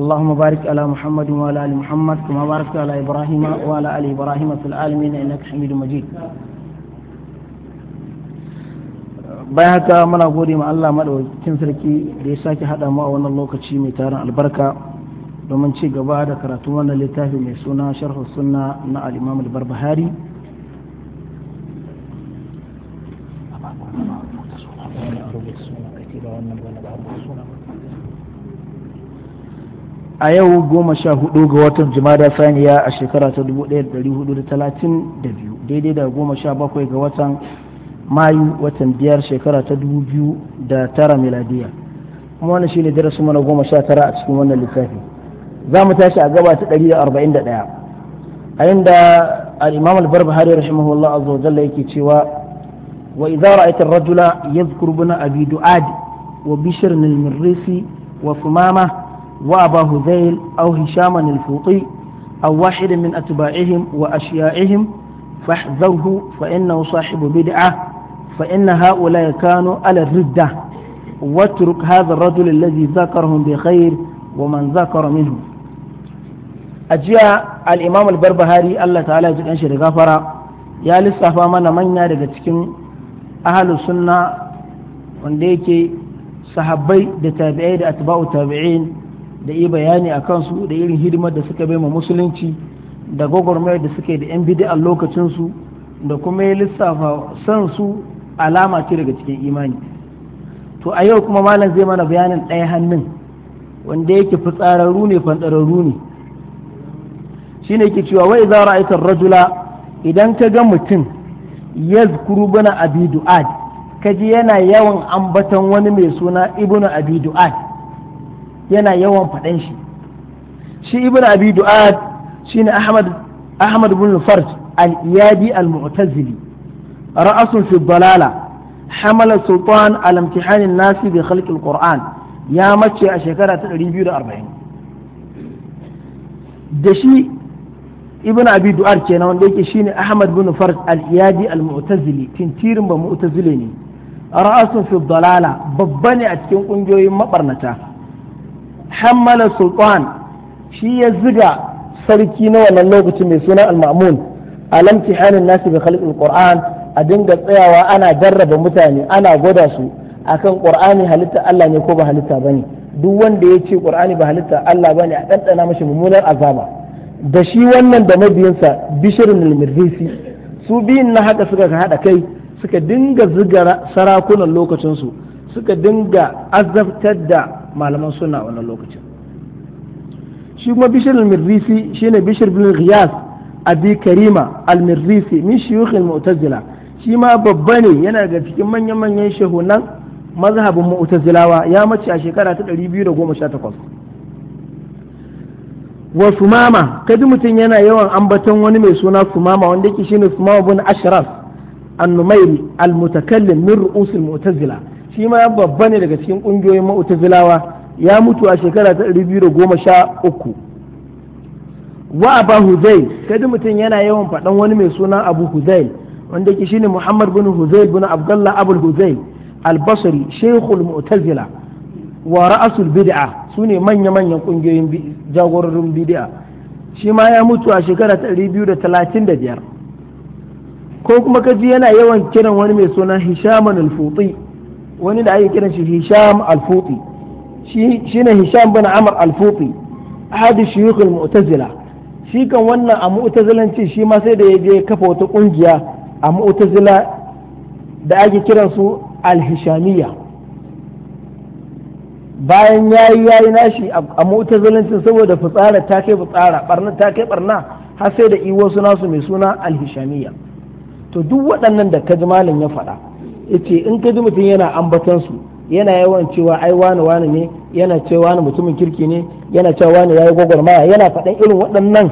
اللهم بارك على محمد وعلى ال محمد كما باركت على ابراهيم وعلى ال ابراهيم في العالمين انك حميد مجيد bayan haka muna gode ma Allah madaukakin sarki da ya sake haɗa mu a wannan lokaci mai taron albarka domin ci gaba da karatun wannan littafi mai suna sharhu sunna na al-Imam al-Barbahari a yau goma sha hudu ga watan jumada saniya a shekara ta dubu daya da da dari hudu talatin biyu daidai da goma sha bakwai ga watan mayu watan biyar shekara ta dubu biyu da tara miladiya kuma wannan shine darasin mana goma sha tara a cikin wannan littafi za mu tashi a gaba ta da da arba'in daya a inda al-imam al-barbahari rahimahullah azza wa jalla yake cewa wa idza ra'aita ar-rajula yadhkuru bina abi du'ad wa bishr al-mirrisi wa sumama. وأبا هذيل أو هشاما الفوطي أو واحد من أتباعهم وأشيائهم فاحذره فإنه صاحب بدعة فإن هؤلاء كانوا على الردة واترك هذا الرجل الذي ذكرهم بخير ومن ذكر منهم أجيا الإمام البربهاري الله تعالى جل شر غفر يا لسه من من يرجع تكين أهل السنة wanda yake sahabbai da tabi'ai da atba'u tabi'in da yi bayani a kansu da irin hidimar da suka bai ma musulunci da gwagwarmayar da suke da 'yan bidiyar lokacinsu da kuma ya lissafa san su alama ce daga cikin imani to a yau kuma malam zai mana bayanin ɗaya hannun wanda yake fitsararru ne fantararru ne shi ne ke cewa wai za ra'aitar rajula idan ka ga mutum yazkuru bana abi du'ad kaji yana yawan ambatan wani mai suna ibnu abi du'ad yana yawan faɗan shi shi ibn abi du'ad shine ahmad ahmad ibn farj al-iyadi al-mu'tazili ra'asun fi dalala hamala sultan al-imtihan an-nas quran ya mace a shekara ta 240 da shi ibn abi du'ar kenan wanda yake shine ahmad bin farj al-iyadi al-mu'tazili tintirin ba mu'tazili ne ra'asun fi babba ne a cikin ƙungiyoyin maɓarnata. hammala sultan shi ya ziga sarki na wannan lokaci mai suna al-ma'mun alam tihanin nasi bi khalqil qur'an a dinga tsayawa ana jarraba mutane ana gwada su akan qur'ani halitta Allah ne ko ba halitta bane duk wanda ya ce qur'ani ba halitta Allah bane a ɗanɗana mashi mummunar azaba da shi wannan da mabiyinsa bishirin al-mirdisi su biyun na haka suka haɗa kai suka dinga ziga sarakunan lokacinsu suka dinga azabtar da malaman suna wannan lokacin shi kuma bishir al-mirrisi shine bishir bin ghiyas abi karima al-mirrisi min shuyukh al-mu'tazila shi ma babba ne yana ga cikin manyan manyan shehunan mazhabin mu'tazilawa ya mace a shekara ta 218 wa sumama kaji mutum yana yawan ambaton wani mai suna sumama wanda yake shine sumama bin ashraf an-numairi al-mutakallim min ru'usul mu'tazila shi ma babba ne daga cikin ƙungiyoyin ma'utazilawa ya mutu a shekara ta ɗari biyu goma sha uku wa abu huzail kadi mutum yana yawan faɗan wani mai suna abu huzail wanda yake shine muhammad bin huzail bin abdullah abul huzail albasri shekul mu'tazila wa ra'asul bid'a su ne manya manyan ƙungiyoyin jagororin bid'a shi ma ya mutu a shekara ta ɗari biyu da talatin da biyar ko kuma kaji yana yawan kiran wani mai suna hishaman al-futi wani da ake kiran shi hisham al-futi shi ne hisham bin amr al-futi ahadi shuyukh al-mu'tazila shi kan wannan a mu'tazilanci shi ma sai da ya je kafa wata kungiya a mu'tazila da ake kiran su al-hishamiyya bayan yayi yayi nashi a mu'tazilancin saboda fitsara ta kai fitsara barna ta kai barna har sai da iwo suna su mai suna al-hishamiyya to duk waɗannan da kaji ya faɗa yace in ka ji mutum yana ambaton su yana yawan cewa ai wani wani ne yana cewa wani mutumin kirki ne yana cewa wani yayi gwagwarmaya yana faɗan irin waɗannan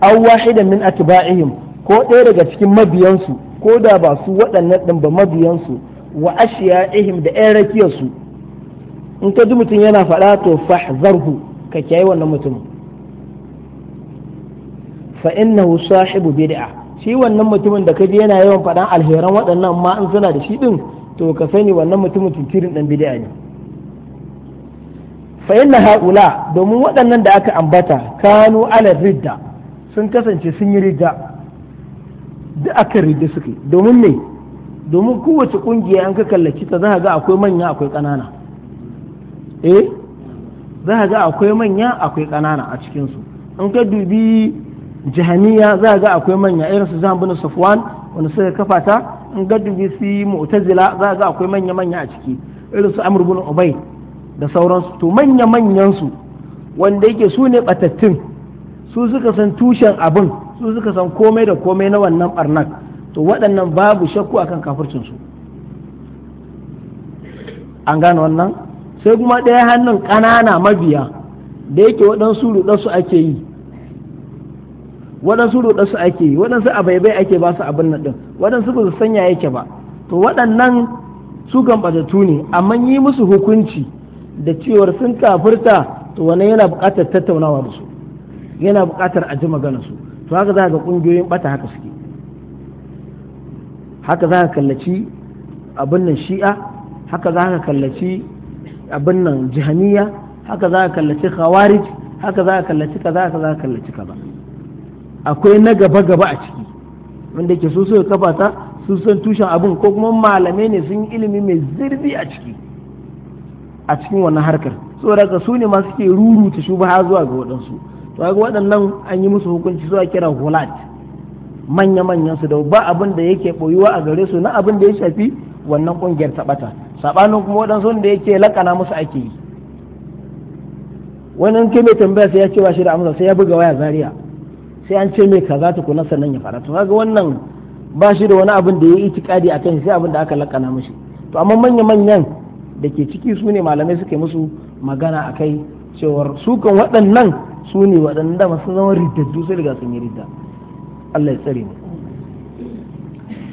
aw wahidan min atba'ihim ko ɗaya daga cikin mabiyansu ko da ba su waɗannan din ba mabiyansu wa ashiya'ihim da ɗan rakiyarsu in ka ji mutum yana faɗa to fahzarhu ka kiyaye wannan mutum fa innahu sahibu bid'a shi wannan mutumin da kaje yana yawan faɗan alheran waɗannan ma in suna da shi ɗin to ka sani wannan mutumin tunkirin ɗan bid'a ne fa inna haula domin waɗannan da aka ambata kanu ala ridda sun kasance sun yi ridda da aka ridda suke domin me domin kowace kungiya an ka kallaci ta za ga akwai manya akwai ƙanana eh za ga akwai manya akwai ƙanana a cikinsu in ka dubi jahaniya za ga akwai manya irin su zan bin safwan wanda suka kafa ta in ga dubi su mu'tazila za ga akwai manya manya a ciki irin su amr bin ubay da sauransu to manya manyan su wanda yake su ne batattun su suka san tushen abin su suka san komai da komai na wannan barnak to waɗannan babu shakku akan kafircin su an gane wannan sai kuma ɗaya hannun ƙanana mabiya da yake waɗansu ruɗansu ake yi waɗansu ruɗa su ake yi waɗansu a baibai ake ba su abin nan ɗin waɗansu ba su sanya yake ba to waɗannan su gambatattu ne amma yi musu hukunci da cewar sun kafirta to wannan yana buƙatar tattaunawa da su yana buƙatar a ji magana su to haka za ka ga ƙungiyoyin ɓata haka suke haka za ka kallaci abin nan shi'a haka za ka kallaci abin nan jihaniya haka za ka kallaci khawarij haka za ka kallaci kaza haka za ka kallaci kaza akwai na gaba gaba a ciki wanda ke so ya kafa ta su san tushen abin ko kuma malamai ne sun yi ilimi mai zirbi a ciki a cikin wannan harkar saboda ka su ne ma suke ruruta shubaha zuwa ga waɗansu to ga waɗannan an yi musu hukunci zuwa kira hulat manya manyan su da ba abin da yake boyuwa a gare su na abin da ya shafi wannan kungiyar taɓata bata sabanin kuma waɗansu da yake lakana musu ake yi wannan kai mai tambaya sai ya ce ba shi da amsa sai ya buga waya Zariya. sai an ce mai kaza na sannan ya fara to kaga wannan ba shi da wani abin da ya yi itikadi a kan sai abin da aka lakana mishi to amma manya manyan da ke ciki su ne malamai suke musu magana a kai cewar sukan waɗannan su ne waɗannan waɗanda masu zama riddaddu sai daga sun yi ridda Allah ya tsare mu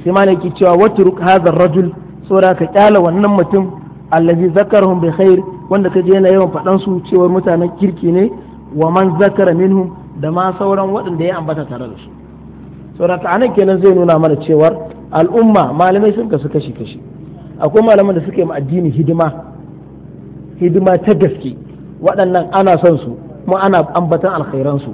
sai ma ke cewa ruk hazar rajul saboda ka kyala wannan mutum allazi zakarhum bi khair wanda kaje yana yawan faɗan su cewar mutanen kirki ne wa man zakara minhum da ma sauran waɗanda ya ambata tare da su sauraka anan kenan zai nuna mana cewar al'umma malamai sun kasu kashi kashi akwai malaman da suke ma addini hidima hidima ta gaske waɗannan ana son su kuma ana ambatan alkhairan su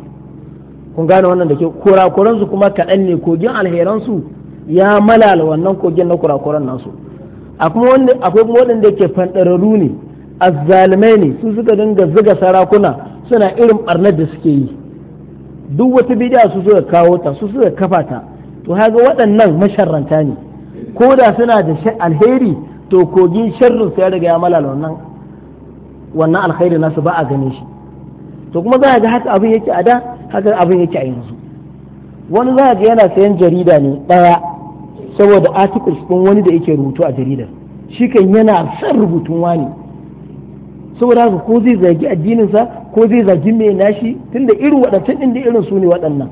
kun gane wannan da ke kurakuran su kuma kaɗan ne kogin alheran su ya malala wannan kogin na kurakuran nasu akwai kuma waɗanda ke fanɗararru ne azzalmai ne su suka dinga zuga sarakuna suna irin ɓarnar da suke yi duk wata bid'a su suka kawo ta su suka kafa ta to haga waɗannan masharranta ne ko da suna da alheri to kogin sharrin sai daga ya malala wannan wannan alheri nasu ba a gane shi to kuma za a ga haka abin yake a da haka abin yake a yanzu wani za a ga yana sayan jarida ne ɗaya saboda articles ɗin wani da yake rubutu a jaridar shi kan yana son rubutun wani saboda haka ko zai zagi addininsa ko zai zagi mai nashi tunda irin waɗancan inda da irin su ne waɗannan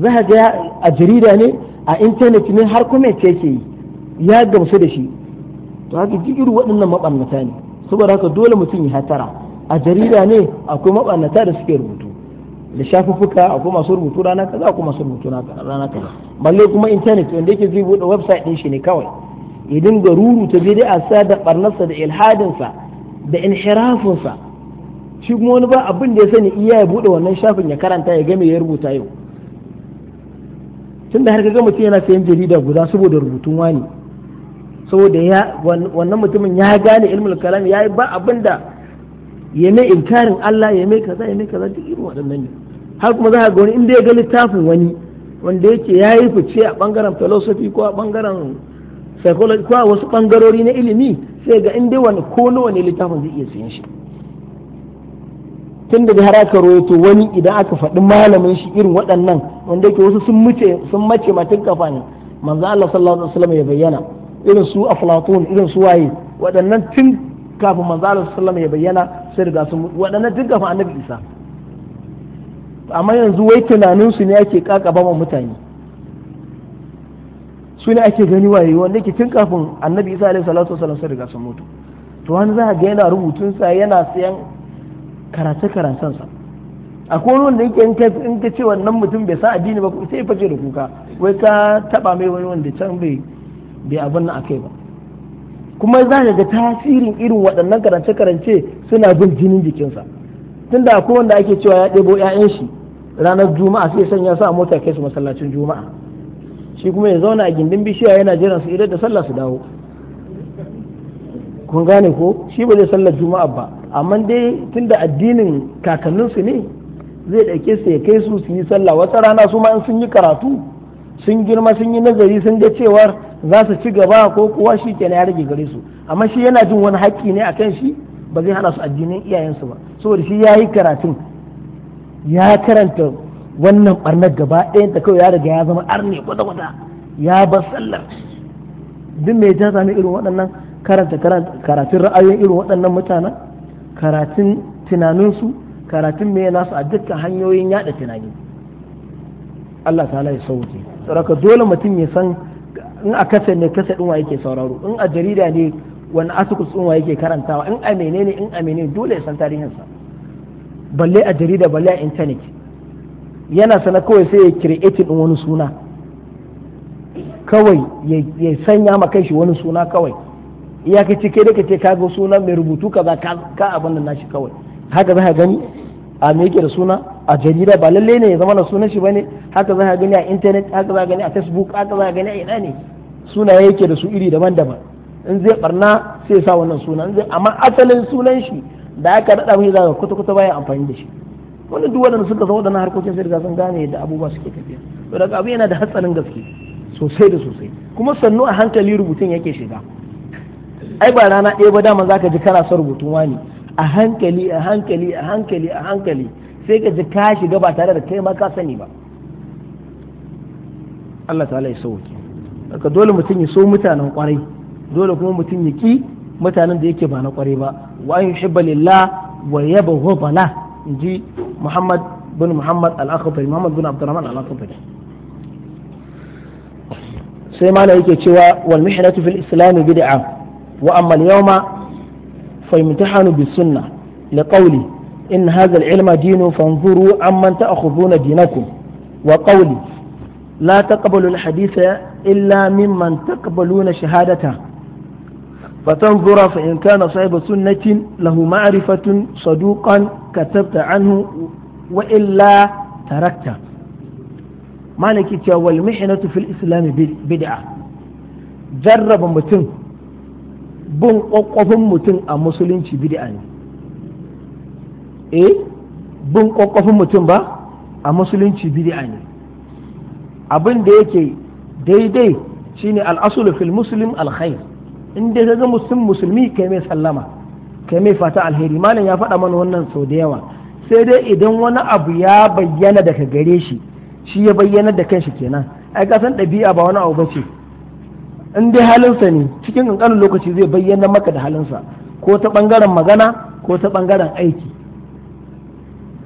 za ka ga a jarida ne a intanet ne har kuma ce ke yi ya gamsu da shi to haka ji irin waɗannan maɓarnata ne saboda haka dole mutum ya hatara a jarida ne akwai maɓarnata da suke rubutu da shafuffuka akwai masu rubutu rana kaza akwai masu rubutu rana kaza balle kuma intanet wanda yake zai buɗe website ɗin shi ne kawai idan ga ruru ta a sa da ɓarnarsa da ilhadinsa da inhirafinsa shi kuma wani ba abin da ya sani iya ya buɗe wannan shafin ya karanta ya game ya rubuta yau tun da har ga mutum yana sayan jarida guda saboda rubutun wani saboda ya wannan mutumin ya gane ilmul kalam ya yi ba abin da ya mai inkarin Allah ya mai kaza ya mai kaza duk irin waɗannan ne har kuma za ka ga wani inda ya ga littafin wani wanda yake ya yi fice a bangaren philosophy ko a bangaren psychology ko wasu bangarori na ilimi sai ga inda wani ko na wani littafin zai iya siyan shi tun da har aka rawaito wani idan aka faɗi malamin shi irin waɗannan wanda yake wasu sun mace sun mace kafa ne manzo Allah sallallahu alaihi wasallam ya bayyana irin su aflatun irin su waye waɗannan tun kafin manzo Allah sallallahu alaihi wasallam ya bayyana sai riga sun waɗannan tun kafin annabi Isa amma yanzu wai tunanin su ne ake kakaba mutane su ne ake gani waye wanda ke tun kafin annabi isa alaihi salatu wasallam sai riga sun mutu to wani za ga yana rubutun sa yana sayan karace karancen sa akwai wanda yake in ka ce wannan mutum bai sa addini ba sai ya fice da kuka wai ka taba mai wani wanda can bai bai abin nan akai ba kuma za ka ga tasirin irin waɗannan karance karance suna bin jinin jikinsa tunda akwai wanda ake cewa ya ɗebo 'ya'yan shi ranar juma'a sai sanya sa mota kai su masallacin juma'a shi kuma ya zauna a gindin bishiya yana jiran su idan da sallah su dawo kun gane ko shi ba zai sallar juma'a ba amma dai tunda addinin su ne zai ɗauke su ya kai su su yi sallah wata rana su ma in sun yi karatu sun girma sun yi nazari sun ga cewar za su ci gaba ko kuwa shi ke ya rage gare su amma shi yana jin wani haƙƙi ne akan shi ba zai hana su addinin iyayensu ba saboda shi ya yi karatun ya karanta wannan barnar gaba ɗayan ta kawai ya riga ya zama arne kwata-kwata ya bar sallar duk mai ta sami irin waɗannan karanta karatun ra'ayoyin irin waɗannan mutanen karatun tunaninsu karatun mai nasu a dukkan hanyoyin yada tunani Allah ta'ala ya sauke saboda dole mutum ya san in a kasa ne kasa ɗin yake sauraro in a jarida ne wani asukus ɗin wa yake karantawa in a menene in a menene dole ya san tarihinsa balle a jarida balle a intanet yana sana kawai sai ya create ɗin wani suna kawai ya sanya ma shi wani suna kawai ya ka cike da ce kaga suna mai rubutu kaza ka abin da nashi kawai haka za ka gani a me yake da suna a jarida ba lalle ne ya zama na sunan shi bane haka za ka gani a internet haka za ka gani a facebook haka za ka gani a ina ne suna yake da su iri daban-daban in zai barna sai ya sa wannan suna amma asalin sunan shi da aka rada mai zaga kwata-kwata bayan amfani da shi wani duk waɗanda suka san waɗannan harkokin sai da sun gane da abubuwa suke tafiya to daga abu yana da hatsarin gaske sosai da sosai kuma sannu a hankali rubutun yake shiga ai ba rana ɗaya ba dama zaka ji kana son rubutun wani a hankali a hankali a hankali a hankali sai ka ji ka shiga ba tare da kai ma ka sani ba Allah ta'ala ya sauke daga dole mutum ya so mutanen kwarai dole kuma mutum ya ki mutanen da yake ba na kwarai ba wa an yuhibba lillah wa yabghu bala inji muhammad bin muhammad al muhammad bin abdurrahman al-akhtari sai mana yake cewa wal mihnatu fil islam bid'a wa amma al-yawma fa imtihanu bis sunnah liqawli in hadha al-ilma dinu fanzuru amman ta'khudhuna dinakum wa qawli لا تقبلوا الحديث إلا ممن تقبلون شهادته فتنظر فإن كان صاحب سنة له معرفة صدوقا katabta anhu wa illa tarakta maliki cewa wal mihnatu fil islam bid'a jarraba mutum bin kwakwafin mutum a musulunci bid'a ne eh bin mutum ba a musulunci bid'a ne abin da yake daidai shine al fil muslim alkhair, inda in zama ga musulmi kai mai sallama kai mai fata alheri malam ya faɗa mana wannan sau da yawa sai dai idan wani abu ya bayyana daga gare shi shi ya bayyana da kanshi kenan ai ka san ɗabi'a ba wani abu ba ce in dai halinsa ne cikin ƙanƙanin lokaci zai bayyana maka da halinsa ko ta ɓangaren magana ko ta ɓangaren aiki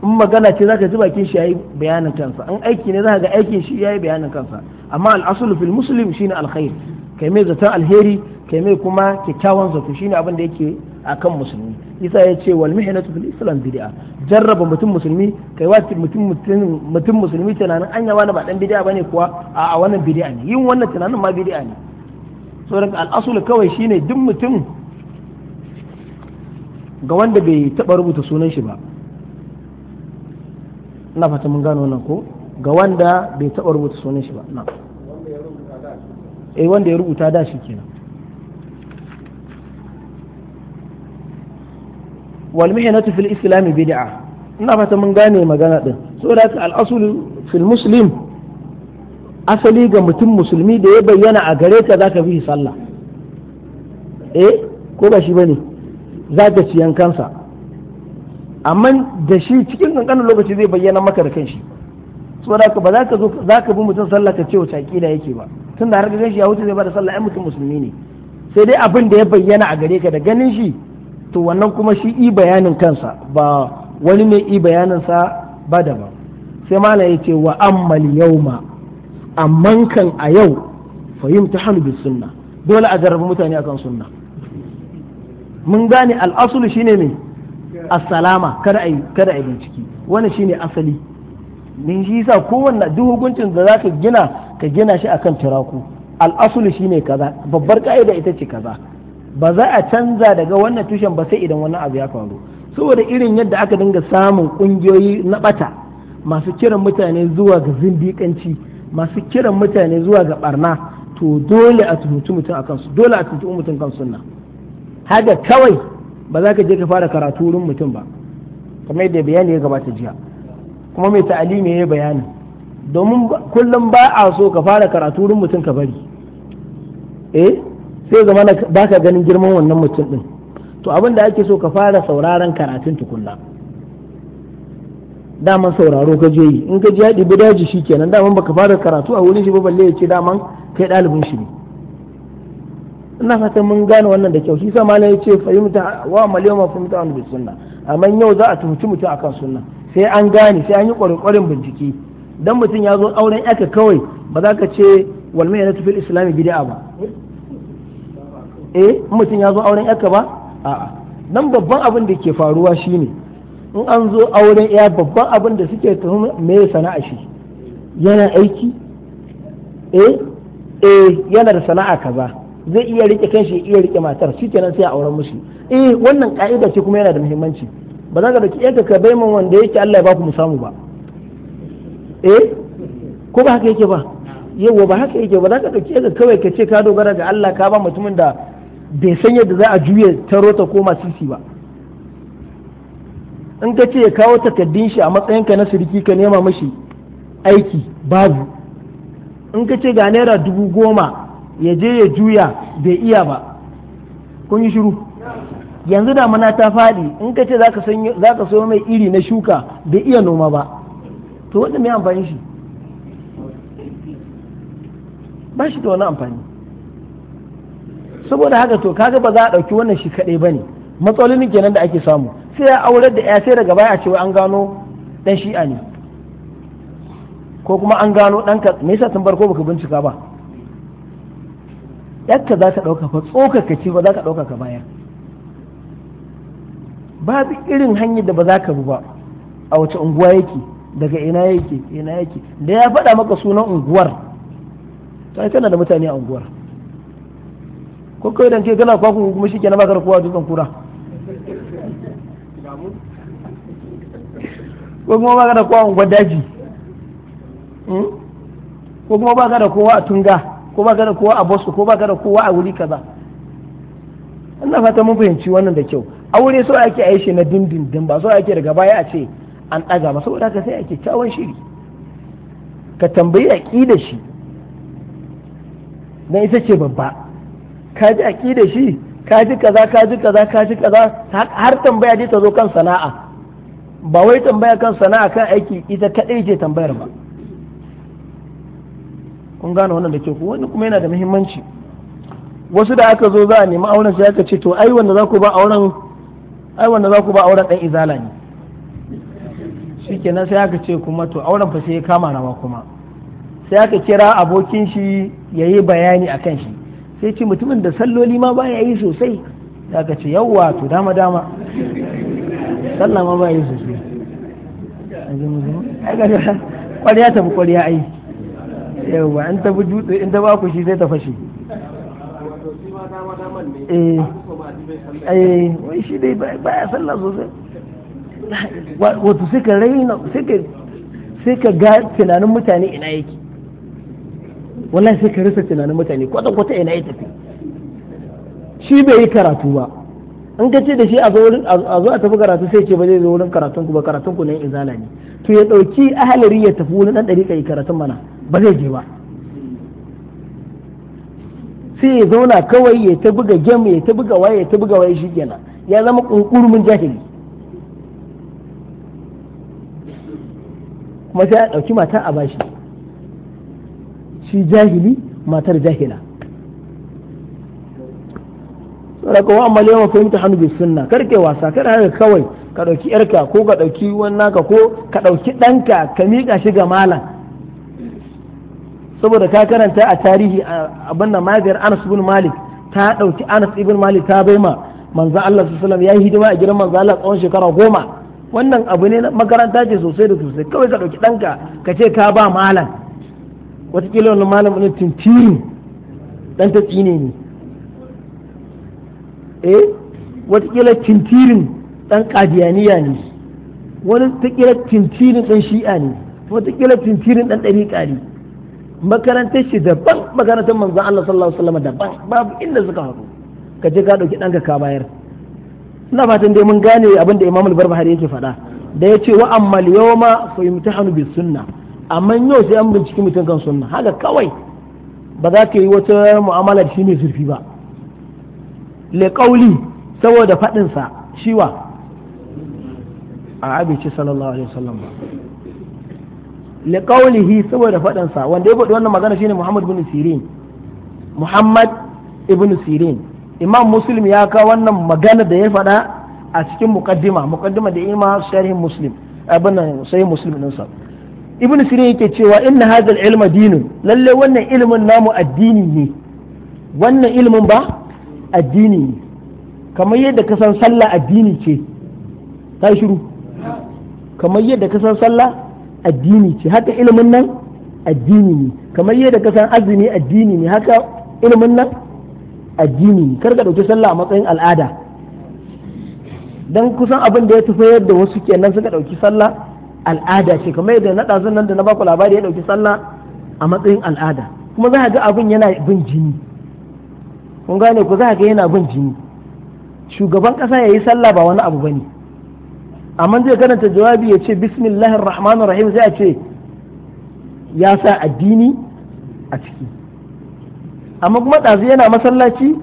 in magana ce zaka ji bakin shi yayi bayanin kansa in aiki ne zaka ga aikin shi ya yi bayanin kansa amma al-aslu fil muslim shine alkhair kai mai zaton alheri kai mai kuma kyakkyawan zato shine abin da yake akan musulmi isa ya ce wal mihnatu fil islam bid'a jarraba mutum musulmi kai wa mutum mutum musulmi tunanin anya wani ba dan bid'a bane kuwa a wannan bid'a ne yin wannan tunanin ma bid'a ne so daga al'asul kawai shine duk mutum ga wanda bai taba rubuta sunan shi ba ina fata mun gano nan ko ga wanda bai taba rubuta sunan shi ba na'am eh wanda ya rubuta da shi kenan wal mihnatu fil islam bid'a ina fata mun gane magana din saboda ka al aslu fil muslim asali ga mutum musulmi da ya bayyana a gare ka zaka bi sallah eh ko ba shi bane zaka ci yankansa amma da shi cikin kankanin lokaci zai bayyana maka da kanshi saboda haka ba za ka zo za ka bi mutum sallah ka ce wace aqida yake ba tun da har ga shi ya wuce zai bada sallah ai mutum musulmi ne sai dai abin da ya bayyana a gare ka da ganin shi to wannan kuma shi i bayanin kansa ba wani ne i bayanin sa ba daban sai malam ya ce wa ammal yawma amman kan a yau fa yumtahanu bis sunna dole a jarrabu mutane akan sunna mun gane al'asulu shine ne assalama kada ai kada ai binciki wannan shine asali ne shi yasa kowanne duk hukuncin da zaka gina ka gina shi akan turaku shi shine kaza babbar ka'ida ita ce kaza ba za a canza daga wannan tushen ba sai idan wani abu ya faru saboda irin yadda aka dinga samun kungiyoyi na bata masu kiran mutane zuwa ga zindiƙanci masu kiran mutane zuwa ga barna to dole a tuhumci mutum akan su dole a tuhumci mutum kan sunna haka kawai ba za ka je ka fara karatu wurin mutum ba kamar yadda bayani ya gabata jiya kuma mai ta'alimi ya yi bayani domin kullum ba a so ka fara karatu wurin mutum ka bari eh sai zama ba ka ganin girman wannan mutum din to abin da ake so ka fara sauraron karatun tukunna daman sauraro ka je yi in ka je ya ɗibi daji shi kenan daman baka fara karatu a wurin shi ba balle ya ce daman kai ɗalibin shi ne ina fatan mun gane wannan da kyau shi sa malam ya ce fahimta wa malama ma fahimta wani sunna amma yau za a tuhuci mutum akan sunna sai an gane sai an yi ƙwarin bincike dan mutum ya zo auren yaka kawai ba za ka ce walmai yana tufil islami bid'a ba eh mutum ya zo auren yaka ba a'a dan babban abin da ke faruwa shine in an zo auren ya babban abin da suke tuhu me sana'a shi yana aiki eh eh yana da sana'a kaza zai iya rike kanshi iya rike matar shikenan sai a auren mushi eh wannan ka'ida ce kuma yana da muhimmanci ba za ka dauki yanka ka bai man wanda yake Allah ya baku mu samu ba eh ko ba haka yake ba yawa ba haka yake ba za ka ɗauki ka kawai ka ce ka dogara ga Allah ka ba mutumin da bai san yadda za a juya taro ta masu sisi ba in ka ce ya kawo takaddun shi a matsayin ka na sirki ka nema mashi aiki babu in ka ce ga naira dubu goma ya je ya juya bai iya ba kun yi shiru yanzu damuna ta faɗi in ka ce za ka sayo mai iri na shuka bai iya noma ba to wanda mai amfani shi ba shi da wani amfani saboda haka to kaga ba za a ɗauki wannan shi kaɗai ba ne matsalolin kenan da ake samu sai ya aurar da ya sai daga baya a cewa an gano ɗan shi'a ne ko kuma an gano ɗan ka me yasa tun ko baka bincika ba yadda za ta ɗauka fa tsokaka ce ba za ka ɗauka ka baya babu irin hanyar da ba za ka bi ba a wace unguwa yake daga ina yake ina yake da ya faɗa maka sunan unguwar ta ai kana da mutane a unguwar ko kai dan ke kana kwaku kuma shi kenan baka kowa dutsen kura ko kuma baka da kowa a unguwar daji hmm? ko kuma baka da kowa a tunga ko baka da kowa a bosu ko baka da kowa a wuri kaza ina fata mun fahimci wannan da kyau aure so ake a yi shi na dindindin ba so ake daga baya a ce an ɗaga masa saboda ka sai a kyakkyawan shiri ka tambayi a da shi na isa ce babba ka ji da shi ka ji kaza ka ji kaza ka ji kaza har tambaya ta zo kan sana'a ba wai tambaya kan sana'a kan aiki ita kaɗai ce tambayar ba kun gane wannan da ke ku wani kuma yana da muhimmanci wasu da aka zo za a nemi auren sai aka ce to ai wanda za ku ba auren ai wanda za ku ba auren dan izala ne shikenan sai aka ce kuma to auren fa sai ya kama rawa kuma sai aka kira abokin shi ya yi bayani a kan shi sai ce mutumin da salloli ma baya yi sosai sai aka ce yawwa to dama dama sallah ma baya yi sosai kwariya tafi kwariya ai yawwa an tafi dutse in ta ba ku shi sai ta fashe eh eh wai shi dai baya sallah sosai wato sai raina sai ka ga tunanin mutane ina yake wallahi sai ka rasa tunanin mutane kwata-kwata ina ya tafi shi bai yi karatu ba in ka ce da shi a zo a tafi karatu sai ce ba zai zo wurin karatun ku ba karatun ku ne izala ne to ya dauki ahalari ya tafi wani dan dariƙa yi karatun mana ba zai je ba sai ya zauna kawai ya ta buga gem ya ta buga waye ya ta buga waye kenan ya zama kunkurumin jahili kuma sai a ɗauki mata a bashi shi jahili matar jahila saboda wa amma lewa ko hannu bai sunna karke wasa kar haka kawai ka ɗauki yarka ko ka ɗauki wannan ka ko ka ɗauki ɗanka ka miƙa shi ga malam saboda ka karanta a tarihi abin da maziyar Anas ibn Malik ta ɗauki Anas ibn Malik ta bai ma manzan Allah sallallahu alaihi wasallam yi hidima a gidan manzan Allah tsawon shekara goma wannan abu ne makaranta ce sosai da sosai kawai ka ɗauki ɗanka ka ce ka ba malam watakila wani malam ne tuntiri ɗan ta tsine ne eh watakila tuntirin ɗan ƙadiyaniya ne wani takila tuntirin ɗan shi'a ne watakila tuntirin ɗan ɗari ƙari makarantar shi daban makarantar manzan Allah sallallahu alaihi wasallam daban babu inda suka haɗu ka je ka ɗauki ɗanka ka bayar ina fatan dai mun gane abin da imamul barbahari yake faɗa da ya ce wa amma yawma fa yumtahanu bis sunna amma yau sai an binciki mutum kan sunna haka kawai ba za ka yi wata mu'amala da shi mai zurfi ba le kauli saboda faɗin sa shiwa a abinci sallallahu alaihi wasallam ba le kaulihi saboda faɗin sa wanda ya faɗi wannan magana shine Muhammad ibn Sirin Muhammad ibn Sirin imam muslim ya kawo wannan magana da ya faɗa a cikin muqaddima muqaddima da ima sharhin muslim abin sai muslim din sa ibn sirin yake cewa inna hadha ilma dinun lalle wannan ilmin namu addini ne wannan ilmin ba addini ne kamar yadda ka san sallah addini ce ta shiru kamar yadda ka san sallah addini ce haka ilimin nan addini ne kamar yadda ka san azumi addini ne haka ilimin nan addini kar ka ɗauki sallah a matsayin al'ada dan kusan abin da ya tafi yadda wasu kenan suka ɗauki sallah al'ada ce kamar yadda na ɗazun nan da na baku labari ya ɗauki sallah a matsayin al'ada kuma za ga abin yana bin jini kun gane ku za ga yana bin jini shugaban ƙasa ya yi sallah ba wani abu ba ne amma zai karanta jawabi ya ce bismillahir rahmanir rahim sai a ce ya sa addini a ciki amma kuma ɗazu yana masallaci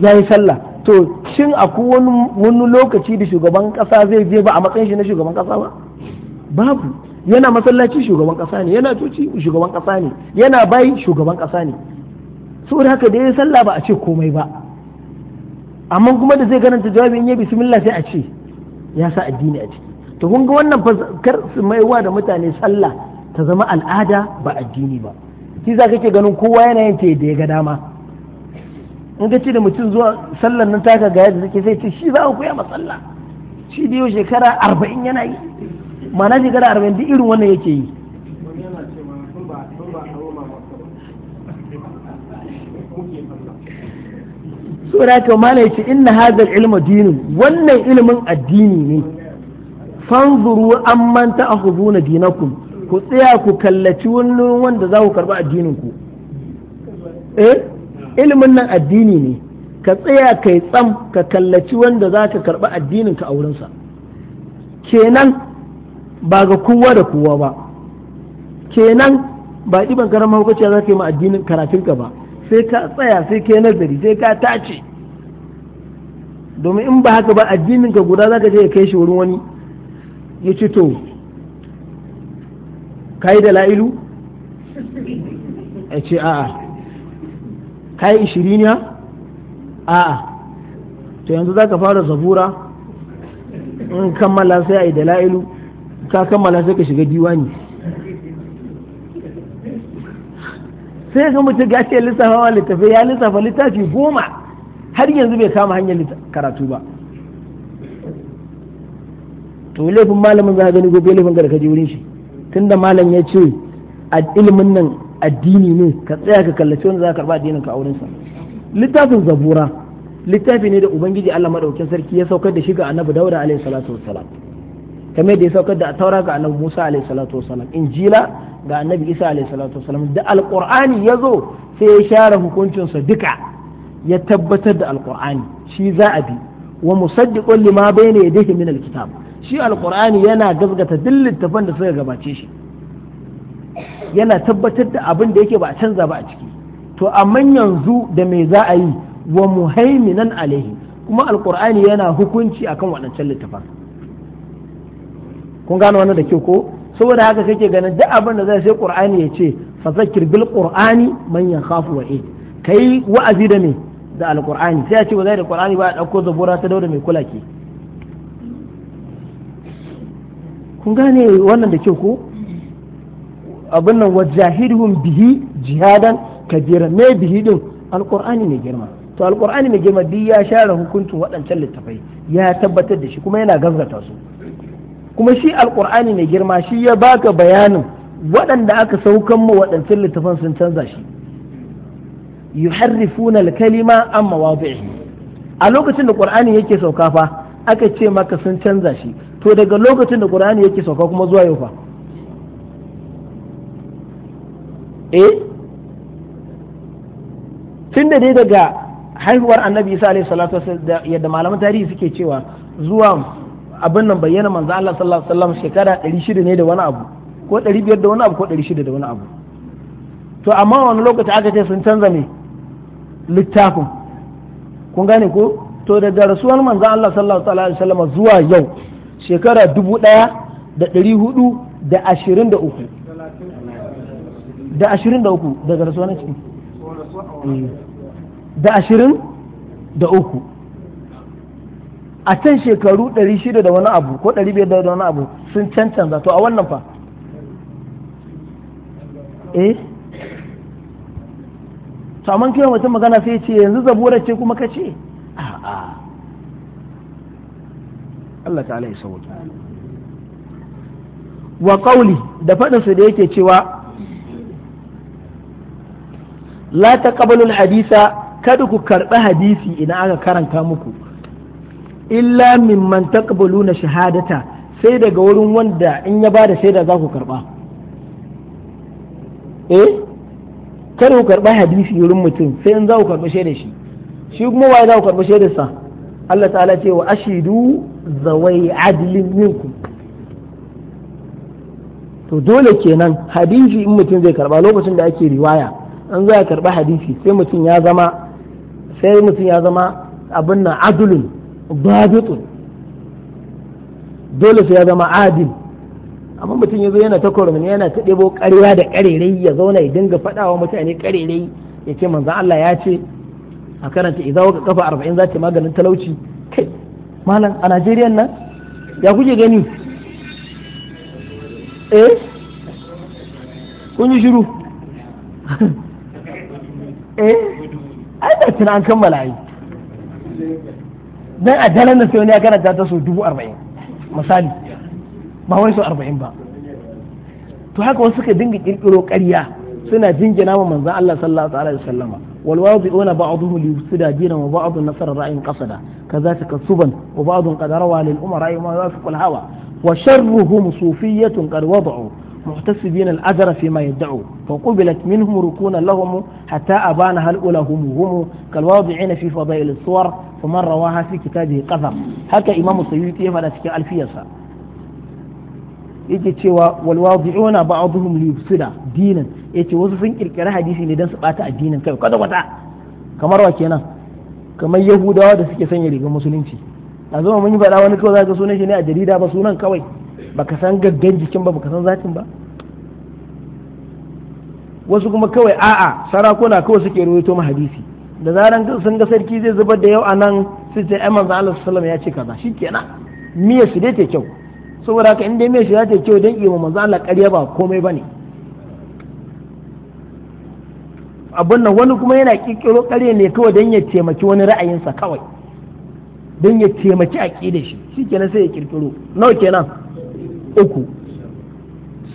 ya yi sallah to shin akwai wani lokaci da shugaban ƙasa zai je ba a matsayin shi na shugaban ƙasa ba babu yana masallaci shugaban ƙasa ne yana coci shugaban ƙasa ne yana bayi shugaban ƙasa ne saboda haka da ya yi sallah ba a ce komai ba amma kuma da zai garanta jawabi in ya bismillah sai a ce ya sa addini a ciki to kun ga wannan kar su maiwa da mutane sallah ta zama al'ada ba addini ba shi za kake ganin kowa yana yanke da ya ga dama in ka ce da mutum zuwa sallar nan taka ga yadda take sai ce shi za ku koya masalla shi da yau shekara arba'in yana yi mana shekara arba'in duk irin wannan yake yi da haka mana yace inna hadha ilmi dinun wannan ilimin addini ne fanzuru an manta amman ta'khuduna dinakum ku tsaya ku kallaci wani wanda za ku karɓa addinin ku eh ilimin nan addini ne ka tsaya kai tsam ka kallaci wanda za ka karba addinin ka a wurinsa kenan ba ga kowa da kowa ba kenan ba ɗiban karamar hukaciya za ka yi ma addinin karatunka ba sai ka tsaya sai ka nazari sai ka tace domin in ba haka ba addinin ka guda za ka je ka kai shi wurin wani ya ce to kai da la'ilu a ce a'a kai ishiriniya a'a to yanzu za ka fara zabura in kammala sai a yi da la'ilu ka kammala sai ka shiga diwani sai ga mutum ga ce wa littafi ya lissafa littafi goma har yanzu bai kama hanyar karatu ba to laifin malamin za a gani gobe laifin gargaji wurin shi tunda malam ya ce a ilimin nan addini ne ka tsaya ka kallaci wanda za ka karba addinin ka auren sa littafin zabura littafi ne da ubangiji Allah madaukakin sarki ya saukar da shi ga annabi Dauda alaihi salatu wassalam kamar da ya saukar da taura ga annabi Musa alaihi salatu wassalam injila ga annabi Isa alaihi salatu wassalam da alqur'ani yazo sai ya share hukuncin sa duka ya tabbatar da alqur'ani shi za a bi wa musaddiqun lima bayna yadayhi min alkitab shi alkur'ani yana gazgata duk littafan da suka gabace shi yana tabbatar da abin da yake ba a canza ba a ciki to amma yanzu da me za a yi wa muhaiminan alaihi kuma alkur'ani yana hukunci akan waɗancan littafan kun gano wannan da kyau ko saboda haka kake ganin duk abin da zai sai qur'ani ya ce fa zakir bil qur'ani man yakhafu wa'id kai wa'azi da me da alkur'ani sai ya ce ba zai da qur'ani ba a dauko zabura ta dauda mai kula ke kun gane wannan da kyau ko abin nan wa jahidhum bihi jihadan kabira me bihi din alqur'ani ne girma to alqur'ani ne girma duk ya share hukuncin waɗancan littafai ya tabbatar da shi kuma yana gazgata su kuma shi alqur'ani ne girma shi ya baka bayanin waɗanda aka saukan mu waɗancan littafan sun canza shi yuharrifuna alkalima amma wabi'i a lokacin da qur'ani yake sauka fa aka ce maka sun canza shi to daga lokacin da qur'ani yake sauka kuma zuwa yau fa eh tun da dai daga haihuwar annabi isa alaihi salatu yadda malaman tarihi suke cewa zuwa abin nan bayyana manzo Allah sallallahu alaihi wasallam shekara 600 ne da wani abu ko 500 da wani abu ko 600 da wani abu to amma wani lokaci aka ce sun canza ne littafin kun gane ko to daga rasuwar manzan Allah sallallahu alaihi wasallam zuwa yau shekara dubu ɗaya da ɗari hudu da ashirin da uku da ashirin da uku daga rasuwar ciki da ashirin da uku a can shekaru ɗari shida da wani abu ko ɗari biyar da wani abu sun cancanta to a wannan fa eh to amma kai mutum magana sai ce yanzu zabura ce kuma ka ce a'a Allah ta'ala ya sauke wa kauli da su da yake cewa la taqabalu hadisa kada ku karɓi hadisi idan aka karanta muku illa mimman taqabaluna shahadata sai daga wurin wanda in ya bada shaida za ku karɓa eh kada ku karɓa hadisi wurin mutum sai in za ku karɓi da shi shi kuma waye za ku karɓi shaidarsa Allah ta'ala ce wa ashidu zawai adilin minku to dole kenan hadisi in mutum zai karba lokacin da ake riwaya an za a karba hadisi sai mutum ya zama sai mutum ya zama abin nan adilin babitun dole sai ya zama adil amma mutum ya zo yana ta yana ta ɗebo ƙarewa da ƙarerai ya zauna ya dinga faɗawa mutane ƙarerai ya ce manzan Allah ya ce a karanta idan waka kafa arba'in za ta maganin talauci kai malam a Najeriya nan ya kuke gani eh kun yi shiru eh ai da tuna an kammala ai dan a dalan da sai wani ya karanta ta so dubu arba'in misali ba wai so arba'in ba to haka wasu suka dinga kirkiro ƙarya suna jingina wa manzon Allah sallallahu alaihi wasallama wal wadi'una ba'dhum li yufsida dinan wa ba'd nasar ra'in qasada kadhalika suban wa ba'd qad rawa lil umara ma yuwafiqu al hawa wa sharruhum sufiyyatun qad wada'u محتسبين الأجر فيما يدعوا فقبلت منهم ركونا لهم حتى أبان هؤلاء هم هم كالواضعين في فضائل الصور فمن رواها في كتابه قذر هكا إمام السيوطي فلا تكي ألفية yake cewa wal ba'dhum li yufsida dinan yace wasu sun kirkira hadisi ne dan su bata addinin kai kwata kwata kamar wa kenan kamar yahudawa da suke sanya rigar musulunci a zama mun yi faɗa wani kawai zaka sunan shi ne a jarida ba sunan kawai baka san gaggan jikin ba baka san zatin ba wasu kuma kawai a'a sarakuna kawai suke rawaito ma hadisi da zaran sun ga sarki zai zubar da yau a nan sai ce ai Allah sallallahu alaihi wasallam ya ce kaza shikenan miya su dai ta kyau saboda haka in mai shi za ta kyau dan ima manzo Allah karya ba komai bane abin nan wani kuma yana ƙirƙiro karya ne kawai dan ya taimaki wani ra'ayinsa kawai dan ya taimaki da shi shikenan sai ya ƙirƙiro nawa kenan uku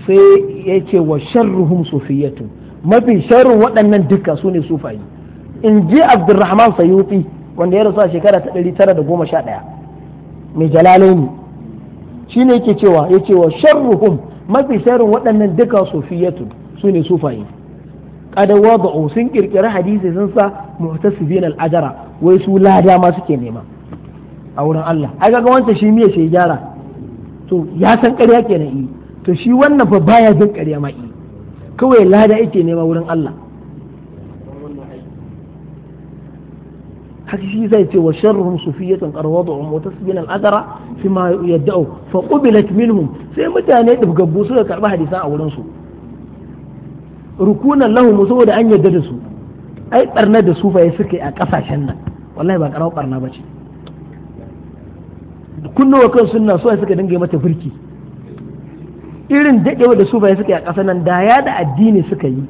sai ya ce wa sharruhum sufiyatu mafi sharrin waɗannan duka su ne sufayi in ji abdurrahman sayufi wanda ya rasu a shekara ta 1911 mai jalalaini shi ne yake cewa ya wa sharruhum mafi sharrin waɗannan duka sufiyatu su ne sufaye kada wada'u sun kirkiri hadisi sun sa muhtasibin al-ajara wai su lada ma suke nema a wurin Allah ai ga wancan shi miya shi gyara to ya san ƙarya kenan yi eh. to shi wannan fa baya jin ƙarya ma yi eh. kawai lada yake nema wurin Allah حكي زي وشرهم صوفية قد وضعهم وتسبين الأثر فيما يدعو فقبلت منهم سي متاني دبقبو سوى كربا حديثا أولن سو ركونا لهم سوى أن يدرسوا أي برنا دسو فيسكي أكفا شنا والله ما قرأوا برنا بشي kunna wa kansu na so suka dinga mata firki irin dadewa da su bai suka a ƙasa nan da ya da addini suka yi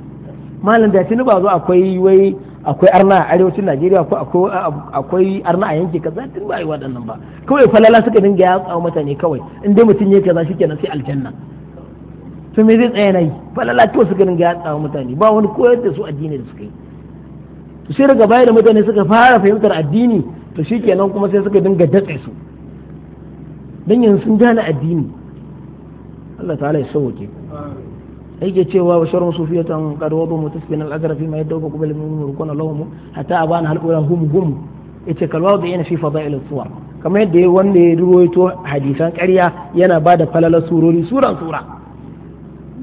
malam da tuni ba zo akwai wai akwai arna a arewacin Najeriya ko akwai arna a yanki kaza duk ba yi waɗannan ba kawai falala suka dinga ya tsawo mutane kawai in dai mutum ya kaza shikenan sai aljanna to me zai tsaya nayi falala to suka dinga ya tsawo mutane ba wani koyar da su addini da suka yi to sai daga baya da mutane suka fara fahimtar addini to shikenan kuma sai suka dinga datse su dan yanzu sun gane addini Allah ta'ala ya sauke yake cewa wa sharru sufiyatan qad wadu mutasbin al-azra fi ma yadawka qabla min rukun lahum hatta abana al-ula hum hum yace kalwa da yana fi fadail as-suwar kamar yadda wanda ya ruwaito hadisan ƙarya yana ba da falalar surori suran sura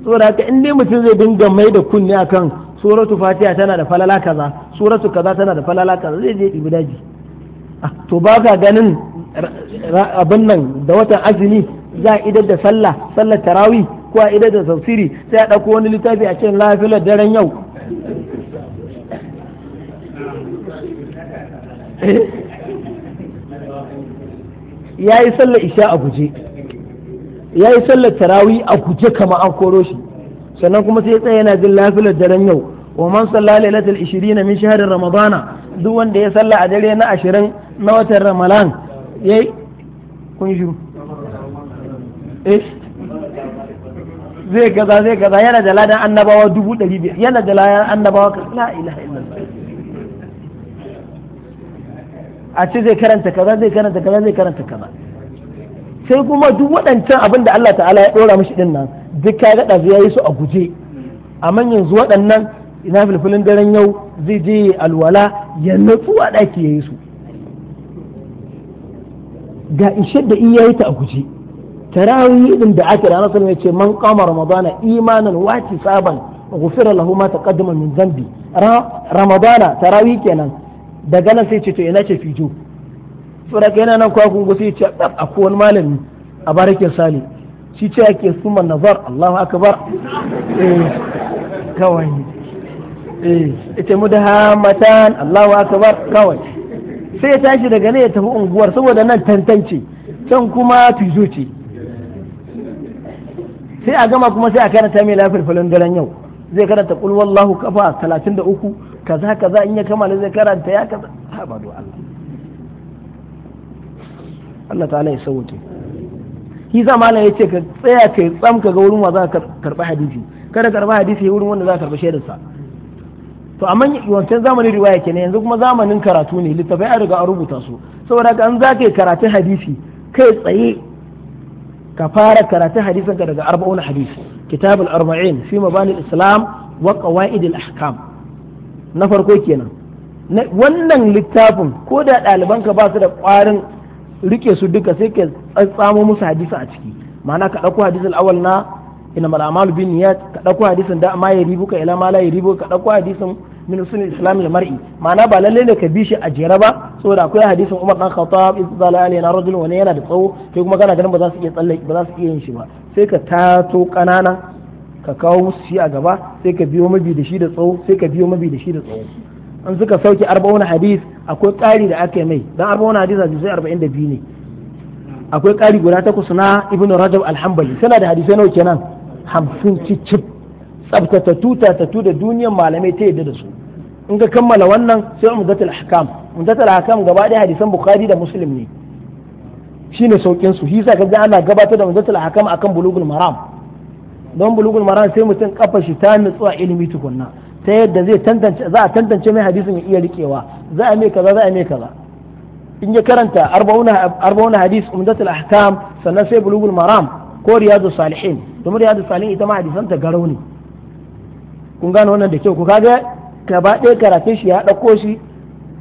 saboda haka in dai mutum zai dinga mai da kunni akan suratu fatiha tana da falala kaza suratu kaza tana da falala kaza zai je ibi daji ah, to ba ka ganin abin nan da watan azumi za a idar da sallah sallar tarawih Kuwa a idar da tafsiri sai a ɗauko wani littafi a ce lafilar daren yau ya yi sallar isha a guje ya yi sallar tarawi a guje kama an koro shi sannan kuma sai tsaye yana jin lafilar daren yau wa man salla lailatul 20 min shahrin ramadana duk wanda ya salla a dare na 20 na watan ramadan yayi kun shiru eh zai kaza zai kaza yana da ladan annabawa dubu ɗari biyar yana da ladan annabawa ka la ilaha illallah a ce zai karanta kaza zai karanta kaza zai karanta kaza sai kuma duk waɗancan abin da Allah ta'ala ya ɗora mishi ɗin nan duk ka gaɗa zai yi su a guje amma yanzu waɗannan ina filfilin daren yau zai je alwala ya natsu a ɗaki ya yi su ga ishe da iya yi ta a guje tarawih din da ake da Annabi ya ce man qama ramadana imanin wati tisaban ghufira lahu ma taqaddama min zambi ramadana tarawih kenan da nan sai ce to ina ce fijo sura yana nan kwa kun gusi ce akwai wani malami a barakin sali shi ce ake suma nazar Allahu akbar eh kawai eh ita mudhamatan Allahu akbar kawai sai ya tashi daga ne ya tafi unguwar saboda nan tantance can kuma fizo ce sai a gama kuma sai a karanta mai lafiyar falon daren yau zai karanta kul wallahu kafa 33 kaza kaza in ya kammala zai karanta ya kaza ha ba do Allah Allah ta'ala ya sauke shi sa malam ce ka tsaya kai tsam ka ga wurin wa za ka karba hadisi kada karba hadisi wurin wanda za ka karba shaidar sa to amma wancan zamanin riwaya kenan yanzu kuma zamanin karatu ne littafai a riga an rubuta su saboda haka an za ka yi karatun hadisi kai tsaye ka fara karatun hadisin ka daga arba'un hadis kitab al-arba'in fi mabani islam wa qawaid al-ahkam na farko kenan wannan littafin ko da ɗaliban ka ba su da ƙwarin rike su duka sai ka tsamo musu hadisi a ciki ma'ana ka ɗauko hadisin awal na ina mal'amalu bin niyat ka ɗauko hadisin da ma ya ribuka ila ma la ya ribuka ka ɗauko hadisin min usulil islam al mar'i mana ba lalle ne ka bi shi a jere ba saboda akwai hadisin Umar dan Khattab iz zala alayna rajul wani yana da tsawo sai kuma kana ganin ba za su iya tsalle ba za su iya yin shi ba sai ka tato kanana ka kawo shi a gaba sai ka biyo mabi da shi da tsawo sai ka biyo mabi da shi da tsawo in suka sauke arba'un hadis akwai ƙari da aka mai dan arba'un hadis a jisai arba'in da biyu ne akwai ƙari guda takwas na ibn rajab alhambali sana da hadisai nawa kenan hamsin cicip tsabtatattu tatattu da duniyar malamai ta yadda da su in ka kammala wannan sai umdatul ahkam umdatul ahkam gaba ɗaya hadisan bukhari da muslim ne shine saukin su hisa kaga ana gabatar da umdatul ahkam akan bulugul maram don bulugul maram sai mutum kafa shi ta nutsuwa ilimi tukunna ta yadda zai tantance za a tantance mai hadisin ya iya rikewa za a mai kaza za a mai kaza in ya karanta arba'una hadis umdatul ahkam sannan sai bulugul maram ko riyadu salihin domin riyadu salihin ita ma hadisan ta garau ne kun gane wannan da kyau ku kaga gaba ɗaya karatun shi ya ɗauko shi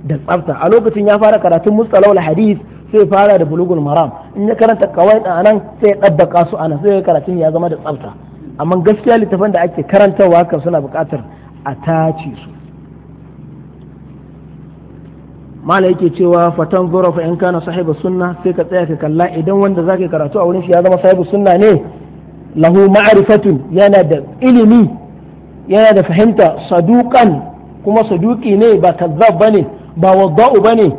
da tsafta a lokacin ya fara karatun mustalawul hadith sai fara da bulugul maram in ya karanta kawai a nan sai ya ɗabbaka su a nan sai karatun ya zama da tsafta amma gaskiya littafan da ake karantarwa kan suna buƙatar a tace su mala yake cewa fatan zura fa in kana sahibu sunna sai ka tsaya ka kalla idan wanda zaka karatu a wurin shi ya zama sahibu sunna ne lahu ma'rifatun yana da ilimi yana da fahimta sadukan kuma saduki ne ba kazzab bane ba wadda'u bane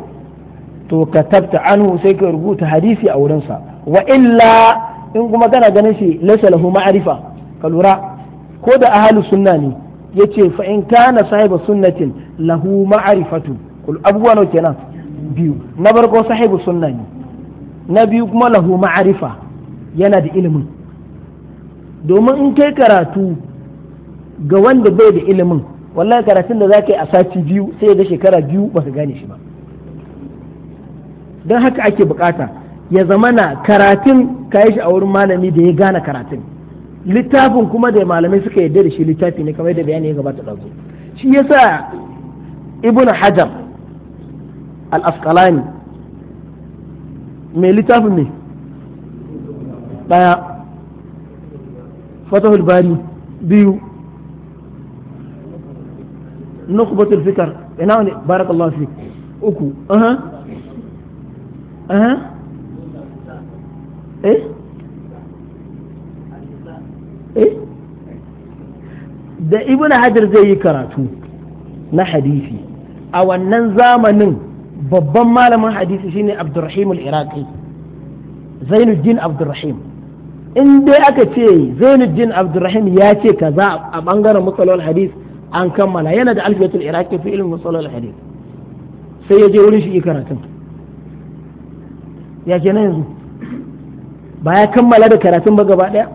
to ka tabta anhu sai ka rubuta hadisi a wurinsa wa illa in kuma kana ganin shi laysa lahu ma'rifa ka lura ko da ahlu sunna ne yace fa in kana sahibu sunnatin lahu ma'rifatu kul abuwa kenan biyu na barko sahibu sunna ne na biyu kuma lahu ma'rifa yana da ilimin domin in kai karatu ga wanda bai da ilimin wallahi karatun da zaka yi a sati biyu sai ga shekara biyu ba ka gane shi ba don haka ake bukata ya zamana karatun ka yi shi a wurin malami da ya gane karatun littafin kuma da malamai suka yarda da shi littafi ne kamar da bayani ya gabata ɗauko shi yasa ibn hajar al-asqalani mai littafin ne ɗaya fatahul bari biyu nukbatul fikar ina ne barakallahu uku aha aha eh zai yi karatu na hadisi a wannan zamanin babban malamin hadisi shine abdurrahim al-iraqi zainuddin abdurrahim in dai aka ce zainuddin abdurrahim ya ce kaza a bangaren matsalolin hadisi an kammala yana da alfiyatul iraki fi ilmin masalal hadith sai ya je wurin shi karatun ya kenan yanzu ba ya kammala da karatun ba gaba daya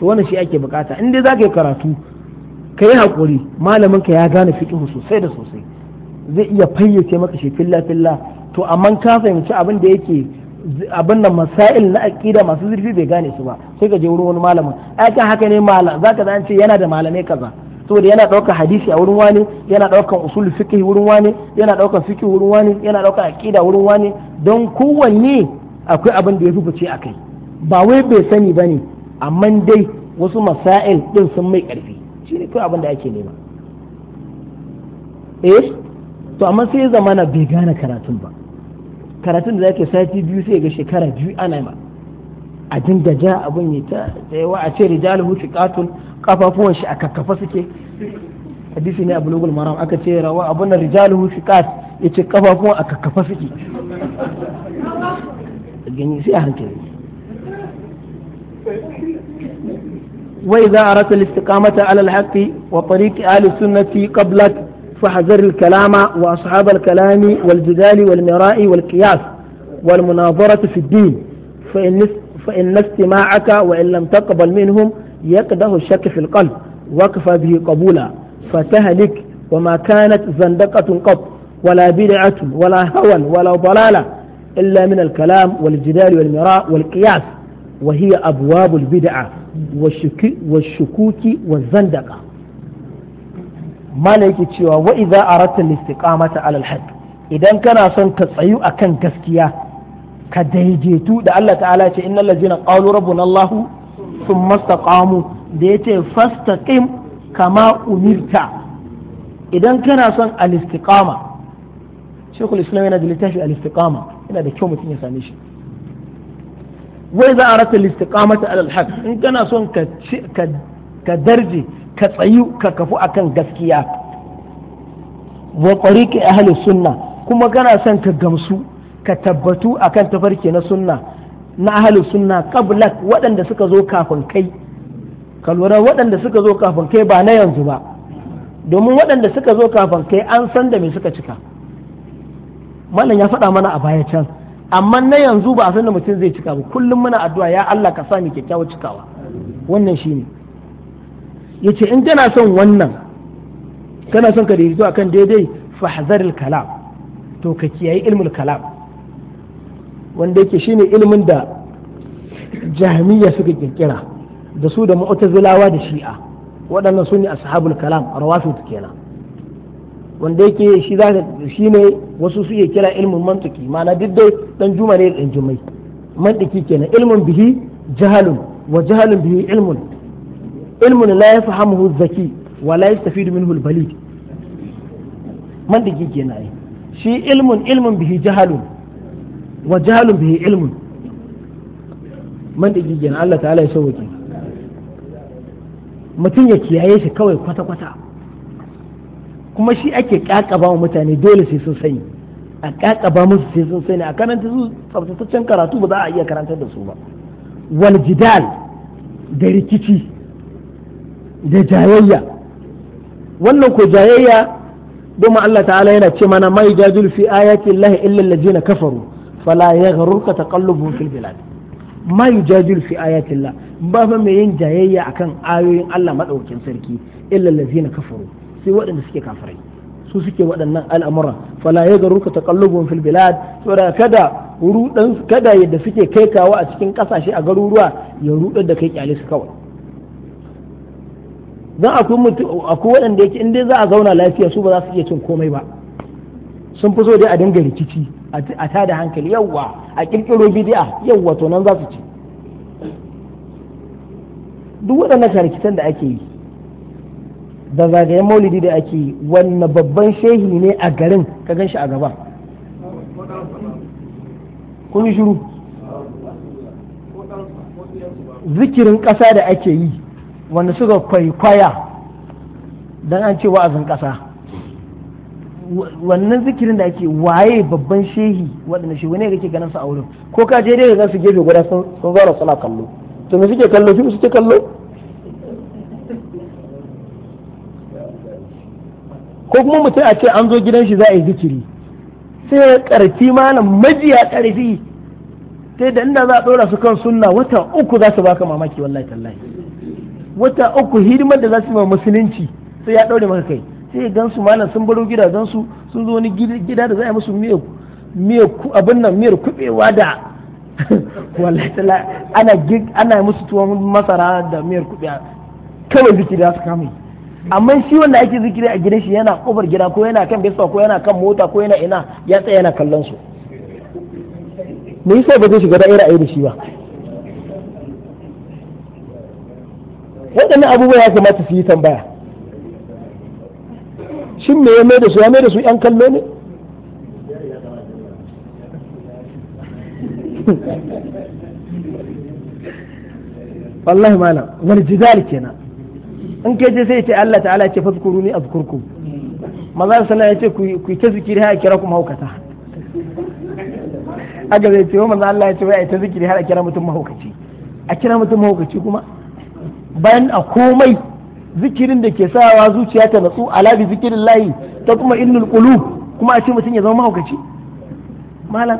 to wannan shi ake bukata in dai zaka yi karatu ka yi hakuri malamin ka ya gane fiqh sosai da sosai zai iya fayyace maka shi filla filla to amma ka fahimci abin da yake abin da masail na aqida masu zurfi bai gane su ba sai ka je wurin wani malamin ai haka ne malam zaka zance yana da malamai kaza saboda yana ɗaukar hadisi a wurin wani yana ɗaukar usul fikihi wurin wani yana ɗaukar fiqh wurin wani yana ɗaukar aqida wurin wani don kowanne akwai abin da ya fi fice kai ba wai bai sani ba ne amma dai wasu masail ɗin sun mai karfi shine kai abin da ake nema eh to amma sai zamana bai gane karatun ba karatun da zake sati biyu sai ga shekara biyu ana ma a dinga ja abin ya ta yawa a ce rijaluhu thiqatun kafafuwan shi a kakkafa suke hadisi ne a bulugul maram aka ce rawa abun rijaluhu fiqat yace kafafuwan a kakkafa suke sai a hankali وإذا أردت الاستقامة على الحق وطريق أهل السنة قبلك فحذر الكلام وأصحاب الكلام والجدال والمراء والقياس والمناظرة في الدين فإن فإن استماعك وإن لم تقبل منهم يقده الشك في القلب وكفى به قبولا فتهلك وما كانت زندقة قط ولا بدعة ولا هوى ولا ضلالة إلا من الكلام والجدال والمراء والقياس وهي أبواب البدعة والشك والشكوك والزندقة ما لك وإذا أردت الاستقامة على الحق idan kana son ka tsayu akan gaskiya ka daidaitu da Allah ta'ala ce innal ladzina qalu rabbuna Allahu sun mastaqamu da yace fastaƙim kama umirta idan kana son al-istiqama shekul islam yana da littafi al yana da kyau mutum ya same shi wai za a rasa al ta alal in kana son ka darje ka tsayu ka kafu akan gaskiya wa tariqi ahli sunna kuma kana son ka gamsu ka tabbatu akan tafarki na sunna na ahalus sunna kablak waɗanda suka zo kafin kai ka lura waɗanda suka zo kafin kai ba na yanzu ba domin waɗanda suka zo kafin kai an san da me suka cika Mallan ya faɗa mana a baya can amma na yanzu ba a san da mutum zai cika ba kullum muna addu'a ya Allah ka sa mu kyakkyawar cikawa wannan shine yace in kana son wannan kana son ka daidaito akan daidai fahzaril kalam to ka kiyayi ilmul kalam wanda yake shine ilimin da jahmiya suka kirkira da su da mu'tazilawa da shi'a waɗannan su ne ashabul kalam rawafid kenan wanda yake shi za shi ne wasu su kira ilmin mantiki ma'ana duk dai dan juma ne dan jumai mantiki kenan ilmin bihi jahalun wa jahalun bihi ilmun ilmun la yafhamuhu zaki wa la yastafidu minhu al-balid mantiki kenan shi ilmun ilmin bihi jahalun wa به علم من man da gigin Allah ya mutum ya kiyaye shi kawai kwata-kwata kuma shi ake kakaba wa mutane dole sai sun sani a kakaba musu sai sun sani a karanta su tsabtataccen karatu ba za a iya karantar da su ba wal jidal da rikici da jayayya wannan ko jayayya domin Allah ta'ala yana ce mana mai jadul fi ayati Allah illa allazina kafaru fala yaghrurka taqallubuhum fil bilad ma yujadilu fi ayatillah ba fa mai yin jayayya akan ayoyin Allah madaukakin sarki illa allazina kafaru sai waɗanda suke kafirai su suke waɗannan al'amura fala yaghrurka taqallubuhum fil bilad saboda kada rudan kada yadda suke kai kawo a cikin kasashe a garuruwa ya rudar da kai kyale su kawai dan akwai mutu akwai waɗanda yake in dai za a zauna lafiya su ba za su iya cin komai ba sun fi so dai a dinga rikici a da hankali yawwa a kirkiro bid'a yawwa to nan za su ci duk waɗannan karkitan da ake yi da zagayen maulidi da ake yi wanne babban shehi ne a garin ka gan shi a gaba kun yi shiru zikirin ƙasa da ake yi wanda suka kwaikwaya don an ce wa'azin ƙasa wannan zikirin da ake waye babban shehi waɗanda shi ne kake ganin su a wurin ko ka je dai ga su gefe guda sun zauna suna kallo to me suke kallo shi suke kallo ko kuma mutum a ce an zo gidan shi za a yi zikiri sai karfi malam majiya karfi sai da inda za a ɗora su kan sunna wata uku za su baka mamaki wallahi tallahi wata uku hidimar da za su yi wa musulunci sai ya ɗaure maka kai sai gan su malam sun baro gidajen su sun zo wani gida da za a musu miyar abin nan miyar kubewa da ana ana musu tuwon masara da miyar kubewa kawai zikiri za su kama yi amma shi wanda ake zikiri a gidan shi yana kofar gida ko yana kan besa ko yana kan mota ko yana ina ya tsaya yana kallon su me yasa ba zai shiga da'ira ayi da shi ba waɗannan abubuwa ya kamata su yi tambaya shin me ya mai da su ya mai da su yan kallo ne wallahi mana wal jidal kenan in kai je sai ce Allah ta'ala ya ce fadkuruni azkurkum maza sana ya ce ku ta zikiri ha kira kuma haukata aga zai ce wa maza Allah ya ce wai ta zikiri har a kira mutum mahaukaci a kira mutum mahaukaci kuma bayan a komai zikirin da ke sawa zuciya ta natsu ala bi zikirin layi ta kuma innul qulub kuma a ce mutum ya zama mahaukaci malam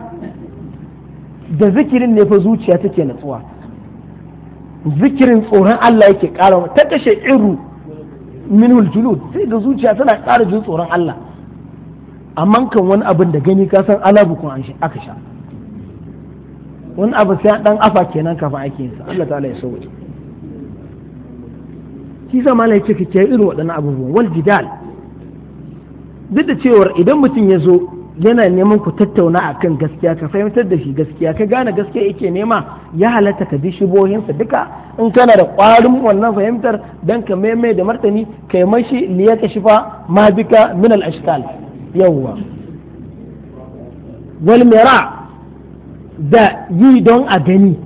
da zikirin ne fa zuciya take natsuwa zikirin tsoron Allah yake ƙara ta kashe iru minul julud sai da zuciya tana ƙara jin tsoron Allah amma kan wani abin da gani ka san alabu kun an aka sha wani abu sai dan afa kenan kafa ake yin sa Allah ta'ala ya sauke shi sa ya ce kike irin waɗannan abubuwan wal jidal duk da cewar idan mutum ya zo yana neman ku tattauna akan gaskiya ka fahimtar da shi gaskiya ka gane gaskiya yake nema ya halatta ka bi shibohinsa duka in kana da ƙwarin wannan fahimtar dan ka maimai da martani kai mashi liya ka shifa ma bika min al ashkal yawwa wal mira da yi don a gani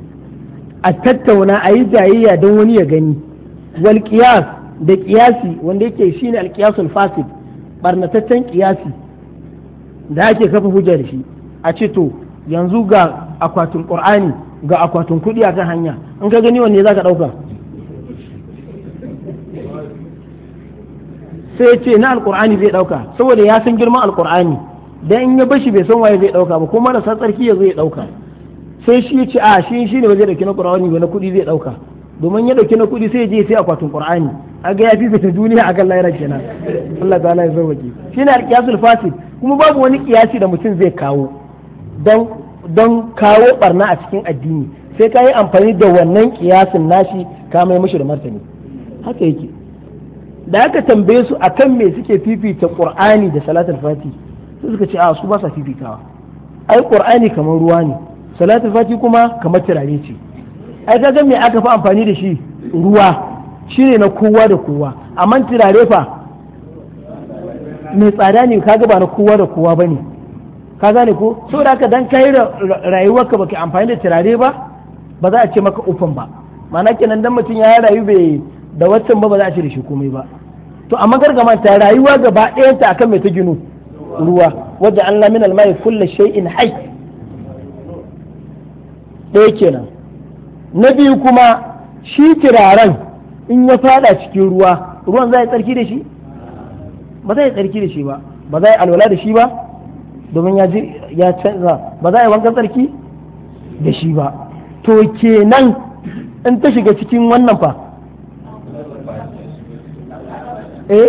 a tattauna a yi jayayya don wani ya gani wal da qiyasi wanda yake shine al fasid barnataccen qiyasi da ake kafa hujja da shi a ce to yanzu ga akwatin qur'ani ga akwatin kuɗi akan hanya in ka gani wanne zaka dauka sai ce na alqur'ani zai dauka saboda ya san girman alqur'ani dan in ya bashi bai san waye zai dauka ba kuma marasa tsarki ya zo ya dauka sai shi ya ce a shi shi ne ba zai dauki na qur'ani ba na kuɗi zai dauka domin ya ɗauki na kuɗi sai je sai akwatin qur'ani ga ya fifita duniya akan lahira kenan Allah ta'ala ya Shi shine alqiyasul fasid kuma babu wani kiyasi da mutum zai kawo don kawo barna a cikin addini sai ka yi amfani da wannan kiyasin nashi ka mai mashi da martani haka yake da aka tambaye su akan me suke fifita qur'ani da salatul fati sai suka ce a su ba sa fifitawa ai qur'ani kamar ruwa ne salatul fati kuma kamar turare ce ai kaga me aka fi amfani da shi ruwa shine na kowa da kowa amma turare fa mai tsada ne kaga ba na kowa da kowa ba ne? ka gane ko da haka dan kai rayuwarka baka amfani da turare ba ba za a ce maka ufan ba ma'ana kenan dan mutum ya rayu bai da waccan ba ba za a ce da shi komai ba to amma gargama ta rayuwa gaba ɗayan ta akan mai ta ginu ruwa wadda an lamina almai kulla shay'in haik ɗaya kenan na biyu kuma shi kiraren in ya fada cikin ruwa ruwan zai tsarki da shi ba zai tsarki da shi ba ba zai alwala da shi ba domin ya ya canza ba za a yi tsarki da shi ba to kenan in ta shiga cikin wannan fa eh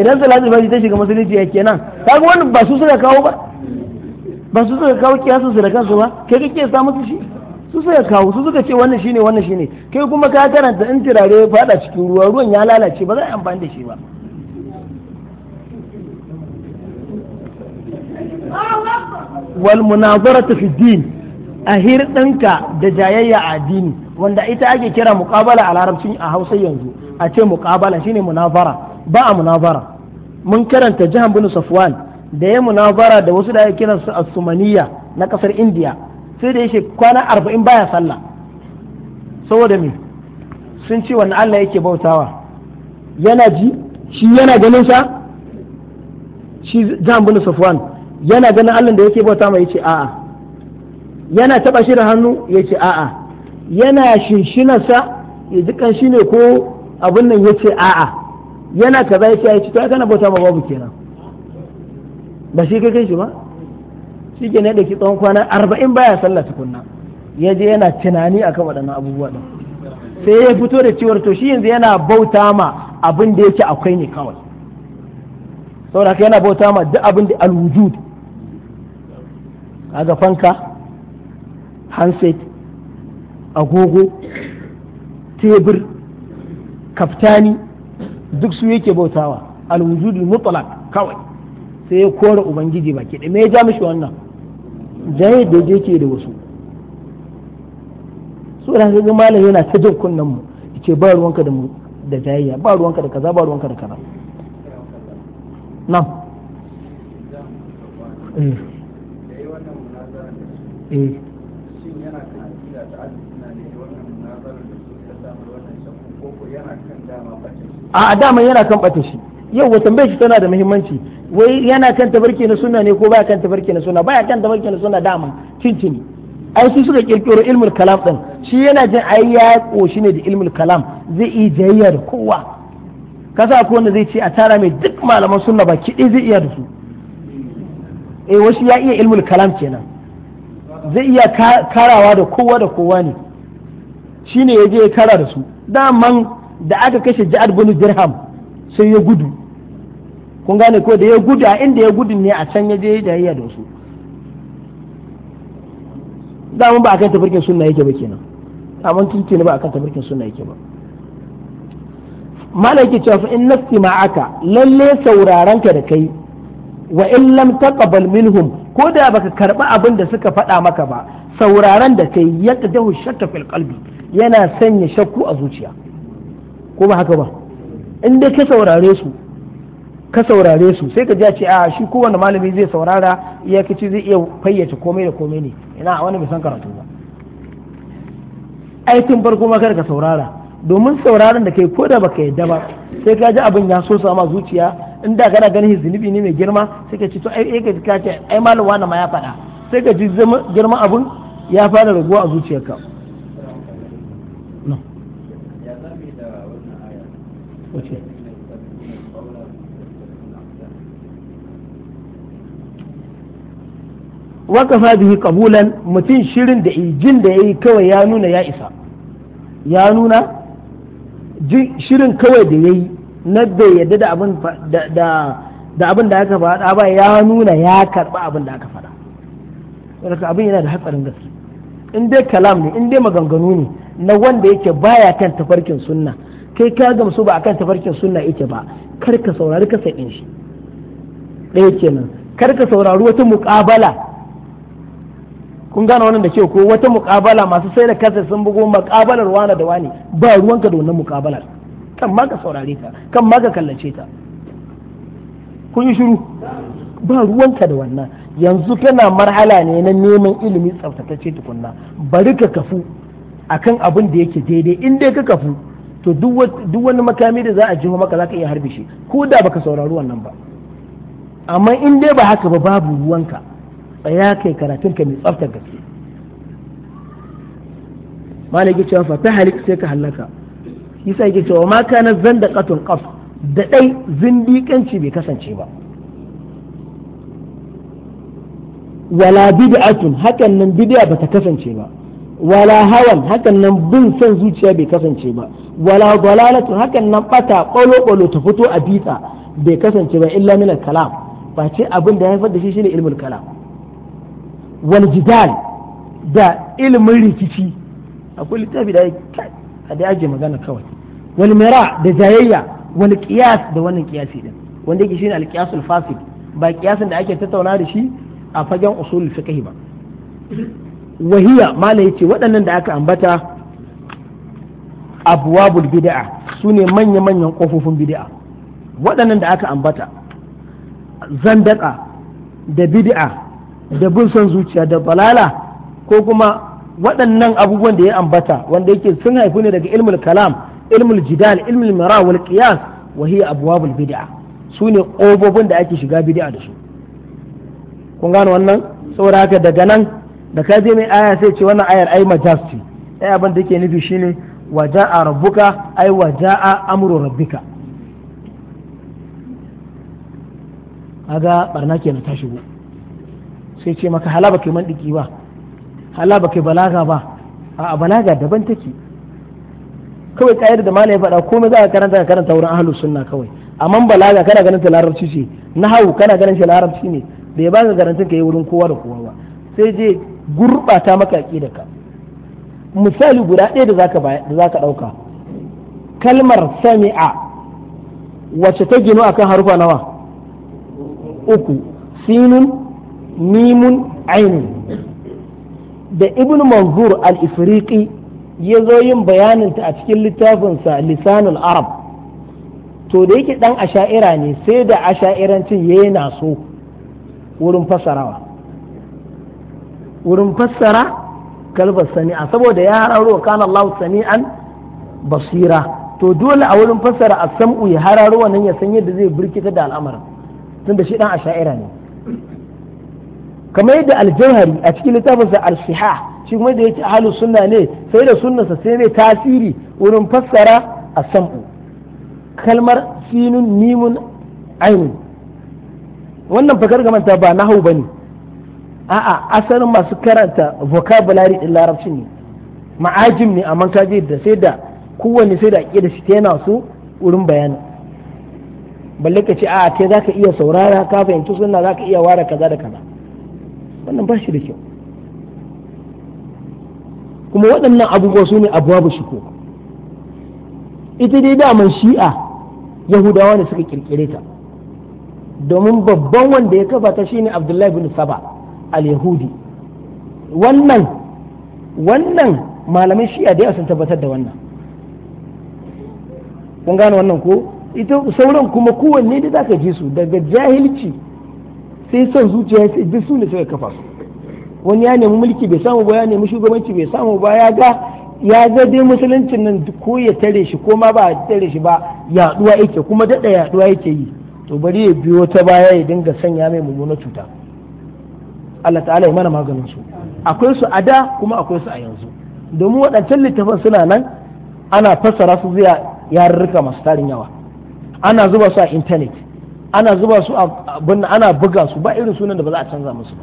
idan salatu ba ta shiga musulunci ya kenan kaga wannan ba su suka kawo ba ba su suka kawo kiyasu su da kansu ba kai kake sa musu shi su suka kawo su suka ce wannan shine wannan shine kai kuma ka karanta in turare ya fada cikin ruwa ruwan ya lalace ba za a yi amfani da shi ba wal munazaratu fi din a hirɗinka da jayayya a addini wanda ita ake kira muƙabala a larabcin a hausa yanzu a ce muƙabala shine munazara ba a munazara mun karanta jihar bin safwan da ya munazara da wasu da ake kiransu sumaniya na ƙasar indiya sai da yake kwana arba'in baya sallah saboda me sun ce wani Allah yake bautawa yana ji shi yana ganin sa shi Jan bin Safwan yana ganin Allah da yake bauta mai yace a'a yana taba shi da hannu yace a'a yana sa ya ji kanshi ne ko abun nan yace a'a yana kaza yace yace to kana bauta ma babu kenan ba shi kai kai shi ba shi ke ne da ki tsawon kwana arba'in baya sallah tukunna ya je yana tunani akan waɗannan abubuwa ɗin sai ya fito da cewar to shi yanzu yana bauta ma abin da yake akwai ne kawai saboda yana bauta ma duk abin da alwujud kaga fanka hanset, agogo tebur kaftani duk su yake bautawa alwujudul mutlaq kawai sai ya kore ubangiji baki da me ya ja mishi wannan jaye da yake da wasu su da ga malam yana ta jin kunnen mu yace ba ruwanka da mu da jayayya ba ruwanka da kaza ba ruwanka da kaza eh. eh. nan a dama yana kan ɓata shi yau wata bai shi tana da muhimmanci wai yana kan tabarki na sunna ne ko baya kan tabarki na sunna baya kan tabarki na sunna dama cincini ai su suka kirkiro ilmul kalam din shi yana jin ai ya koshi ne da ilmul kalam zai iya jayya da kowa kasa ko wanda zai ce a tara mai duk malaman sunna ba kiɗi zai iya da su eh wasu ya iya ilmul kalam kenan zai iya karawa da kowa da kowa ne shine yaje ya kara da su daman da aka kashe ja'ad bin dirham sai ya gudu kun gane ko da ya gudu a inda ya gudu ne a can ya je yayya da su da mun ba akan tafarkin sunna yake ba kenan amma tun ne ba akan tafarkin sunna yake ba malai yake cewa in nastima'aka lalle sauraron ka da kai wa in lam taqbal minhum ko da baka karba abin da suka faɗa maka ba sauraron da kai ya dahu shakka fil qalbi yana sanya shakku a zuciya ko ba haka ba in dai ka saurare su ka saurare su sai ka ji ce a ah, shi kowane malami zai saurara kici zai iya fayyace komai da komai ne ina wani bai san karatu ba ai tun farko ma kada ka saurara domin sauraron da kai ko da baka yadda ba sai ka ji abin ya so sama zuciya in da kana ganin zunubi ne mai girma sai ka ci to ai ka ka ce ai malam wani ma ya faɗa sai ka ji girma abin ya fara raguwa a zuciyarka Okay. wakafa bihi qabulan mutum shirin da jin da yayi kawai ya nuna ya isa ya nuna shirin kawai da yayi na da yadda da abin da da abin da aka faɗa ba ya nuna ya karɓa abin da aka faɗa saboda abin yana da hatsarin gaske in dai kalam ne in dai maganganu ne na wanda yake baya kan tafarkin sunna kai ka gamsu ba akan tafarkin sunna yake ba kar ka saurari ka sai shi ɗaya kenan kar ka saurari wata muƙabala kun gane wannan da ke ko wata mukabala masu sai da kasa sun bugo mukabalar wani da wani ba ruwanka da wannan mukabalar kan ma ka saurare ta kan ma ka kallace ta kun yi shiru ba ruwanka da wannan yanzu kana marhala ne na neman ilimi tsaftatacce tukunna bari ka kafu akan abin da yake daidai in dai ka kafu to duk wani makami da za a jiho maka za ka iya harbe shi ko da baka saurari wannan ba amma in dai ba haka ba babu ruwanka ya kai karatun ka mai tsaftar gaske malam yake cewa fata halik sai ka halaka yasa yake cewa ma kana zandaqatun qaf da dai zindiƙanci bai kasance ba wala bid'atun hakan nan bid'a bata kasance ba wala hawan hakan nan bin son zuciya bai kasance ba wala dalalatu hakan nan bata kolo kolo ta fito a bita bai kasance ba illa min kalam ba ce abin da ya haifar da shi shine ilmul kalam wal jidal da ilimin rikici akwai littafi da ya a da ake magana kawai wal mira da jayayya wal qiyas da wannan qiyasi din wanda yake shine al qiyasul fasid ba qiyasin da ake tattauna da shi a fagen usul fiqh ba wahiya mala yace waɗannan da aka ambata abwabul bid'a sune manya-manyan kofofin bid'a waɗannan da aka ambata zandaka da bid'a da bin son zuciya da balala ko kuma waɗannan abubuwan da ya ambata wanda yake sun haifu ne daga ilmul kalam ilmul jidal ilmul mara wal qiyas wa hiya abwabul bid'a su ne ƙofofin da ake shiga bid'a da su kun gano wannan saboda haka daga nan da ka mai aya sai ce wannan ayar ai majasti ai abin da yake nufi shine wa ja'a rabbuka ai wa ja'a amru rabbika kaga barna kenan ta shigo sai ce maka hala baka mandiki ba hala baka balaga ba a balaga daban take kawai kayar da malai faɗa komai za ka karanta ka karanta wurin ahlus sunna kawai amma balaga kana ganin ta larabci ce nahawu kana ganin shi larabci ne bai ba ka garantin ka yi wurin kowa da kowa ba sai je gurbata maka aqida ka misali guda ɗaya da zaka da zaka dauka kalmar sami'a wacce ta gino akan harufa nawa uku sinun mimun aini da ibn manzur al-ifriqi ya zo yin bayanin ta a cikin littafinsa lisanul arab to da yake dan asha'ira ne sai da asha'irancin ya yana so wurin fassarawa wurin fassara kalbar sami'a saboda ya hararo kana Allah sami'an basira to dole a wurin fassara a sam'u ya hararo nan ya san yadda zai birkita da al'amarin tunda shi dan asha'ira ne kamar yadda aljauhari a cikin littafinsa al-siha shi kuma da yake ahlus sunna ne sai da sa sai mai tasiri wurin fassara as-sam'u kalmar sinun nimun ainun wannan fakar manta ba nahu bane a'a asalin masu karanta vocabulary din larabci ne ma'ajim ne amma ji da sai da kowanne sai da da shi yana su wurin bayani balle ka ce a'a kai zaka iya saurara ka fahimci sunna zaka iya ware kaza da kaza wannan ba shi da kyau kuma waɗannan abubuwa su ne abuwa shuko ita dai daman shi'a yahudawa ne suka kirkire ta domin babban wanda ya kafa ta shine abdullahi bin saba al-yahudi wannan wannan malamin shi'a da sun tabbatar da wannan kun gane wannan ko ita sauran kuma kowanne da za ka ji su daga jahilci sai son zuciya sai duk su ne suka kafa su wani ya nemi mulki bai samu ba ya nemi shugabanci bai samu ba ya ga ya ga dai musuluncin nan ko ya tare shi ko ma ba a tare shi ba yaduwa yake kuma daɗa yaduwa yake yi to bari ya biyo ta baya ya dinga sanya mai mummuna cuta Allah ta'ala ya mana maganin su akwai su a da kuma akwai su a yanzu domin waɗancan littafan suna nan ana fassara su zuwa yarurruka masu tarin yawa ana zuba su a intanet ana zuba su abin ana buga su ba irin sunan da ba za a canza musu ba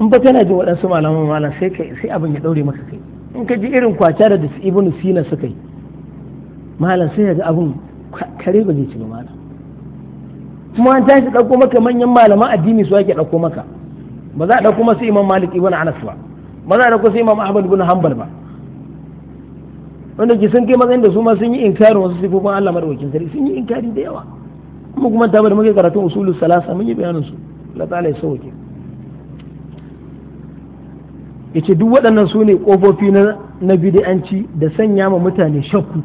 in ba kana jin waɗansu malaman malam sai sai abin ya ɗaure maka kai in ka ji irin kwacha da ibnu sina suka yi malam sai ga abin kare ba zai ci ba malam kuma an tashi ɗauko maka manyan malaman addini su ake ɗauko maka ba za a ɗauko masu imam malik ibn anas ba ba za a ɗauko su imam ahmad ibn hanbal ba wanda ke sun kai matsayin da su ma sun yi inkarin wasu sifofin Allah madawakin sarki sun yi inkari da yawa kuma kuma ta bada muke karatun usulu salasa mun yi bayanin su Allah ta'ala ya sauke yace duk waɗannan su ne kofofi na na bid'anci da sanya ma mutane shakku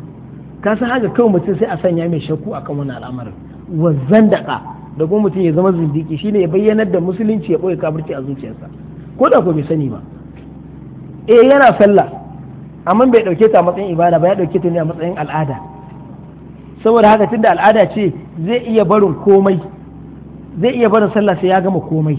ka san haka kawai mutum sai a sanya mai shakku akan wannan al'amarin wa zandaka da kuma mutum ya zama zindiki shine ya bayyanar da musulunci ya boye kafirci a zuciyarsa ko da ko bai sani ba eh yana sallah amma bai dauke ta a matsayin ibada ba ya dauke ta ne a matsayin al'ada saboda haka tunda al'ada ce zai iya barin komai zai iya barin sallah sai ya gama komai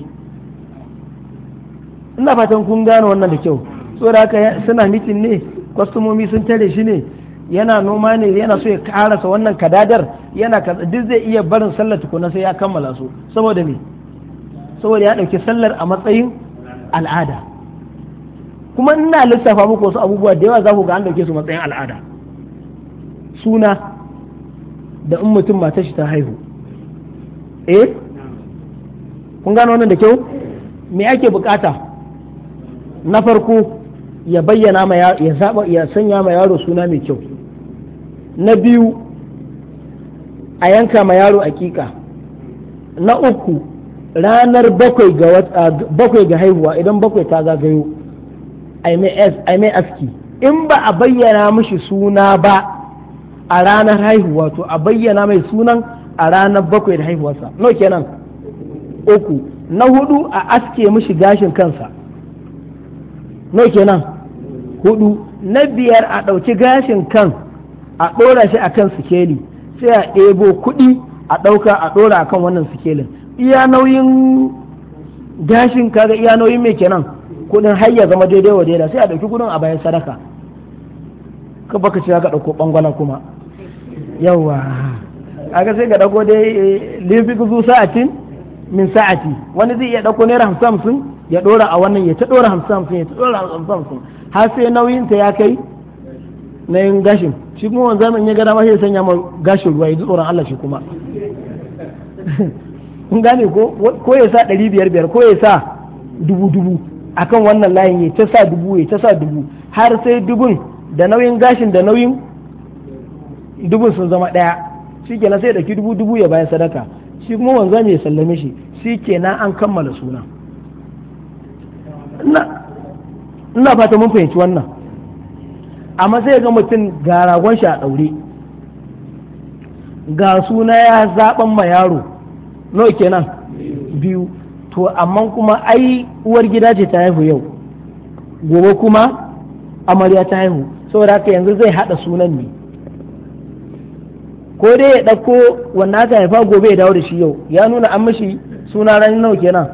ina fatan kun gane wannan da kyau saboda haka suna mitin ne kwastomomi sun tare shi ne yana noma ne yana so ya karasa wannan kadadar yana duk zai iya barin sallar tukuna sai ya kammala su saboda me saboda ya dauki sallar a matsayin al'ada kuma ina lissafa muku wasu abubuwa da yawa za ku ga an dauke su matsayin al'ada suna da in mutum matar shi ta haihu eh kun gano wannan da kyau me ake bukata na farko ya bayyana ma ya zaba ya sanya ma yaro suna mai kyau na biyu a yanka ma yaro akika na uku ranar bakwai ga haihuwa idan bakwai ta zagayo ai mai aski in ba a bayyana mishi suna ba a ranar haihuwa to a bayyana mai sunan a ranar bakwai da haihuwarsa no kenan uku na hudu a aske mishi gashin kansa no kenan hudu na biyar a ɗauki gashin kan a ɗora shi a kan sikeli sai a ɗebo kuɗi a ɗauka a ɗora a kan wannan sikelin iya nauyin gashin kaga iya nauyin mai kenan kudin hayya zama daidai wa daidai sai a ɗauki kudin a bayan sadaka ka baka ce ka ɗauko ɓangwana kuma yawa aka sai ka ɗauko dai eh, lifi zu sa'atin min sa'ati wani zai iya ɗauko naira hamsin hamsin ya ɗora a wannan ya ta ɗora hamsin hamsin ya ta ɗora hamsin hamsin har sai nauyin ta ya kai na yin gashin shi kuma wanzu zamin ya gada ma sai sanya ma gashin ruwa ya ji tsoron Allah shi kuma kun gane ko ko ya sa ɗari biyar biyar ko ya sa dubu dubu akan wannan layin ya ta sa dubu ya ta sa dubu har sai dubun da nauyin gashin da nauyin dubun sun zama ɗaya shi kenan sai ɗauki dubu dubu ya bayan sadaka shi kuma wanzan ya sallame shi shi kenan an kammala suna ina fata mun fahimci wannan amma sai ga mutum ga ragon shi a ɗaure ga suna ya zaɓan ma yaro nawa kenan biyu to amma kuma ai uwar gida ce ta haihu yau gobe kuma amarya ta haihu saboda haka yanzu zai haɗa sunan ne ko dai ya ɗauko wannan aka haifa gobe ya dawo da shi yau ya nuna an mashi suna ranar nawa kenan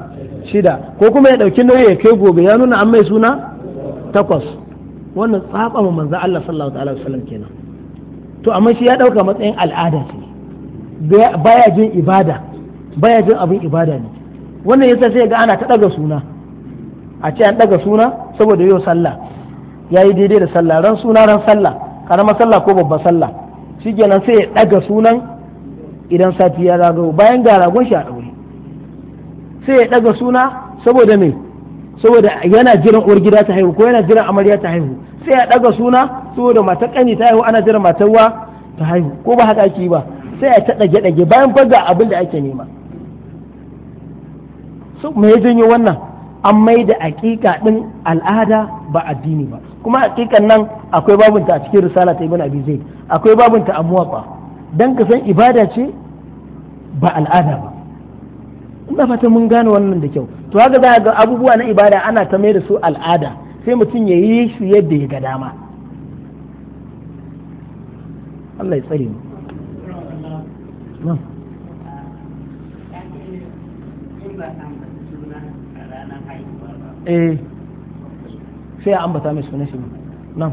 shida ko kuma ya ɗauki nauyi ya kai gobe ya nuna an mai suna takwas wannan tsaba ma manzo Allah sallallahu alaihi wasallam kenan to amma shi ya ɗauka matsayin al'ada ce baya jin ibada baya jin abin ibada ne wannan yasa sai ga ana ta daga suna a ce an daga suna saboda yau sallah yayi daidai da sallah ran suna ran sallah karama sallah ko babba sallah shi kenan sai ya daga sunan idan sati ya rago bayan ga ragon shi a ɗaure sai ya daga suna saboda me saboda yana jiran uwar gida ta haihu ko yana jiran amarya ta haihu sai ya daga suna saboda matar kani ta haihu ana jiran matar wa ta haihu ko ba haka ake yi ba sai ya ta dage dage bayan faga abin da ake nema su me ya janyo wannan an mai da aƙiƙa ɗin al'ada ba addini ba kuma aƙiƙan nan akwai babunta a cikin risala ta ibn abi zaid akwai babunta a muwaqqa dan ka san ibada ce ba al'ada ba ina fata mun gane wannan da kyau to haka za ga abubuwa na ibada ana ta mai da su al'ada sai mutum ya yi su yadda ya ga dama Allah ya tsare mu eh sai a ambata mai suna shi nan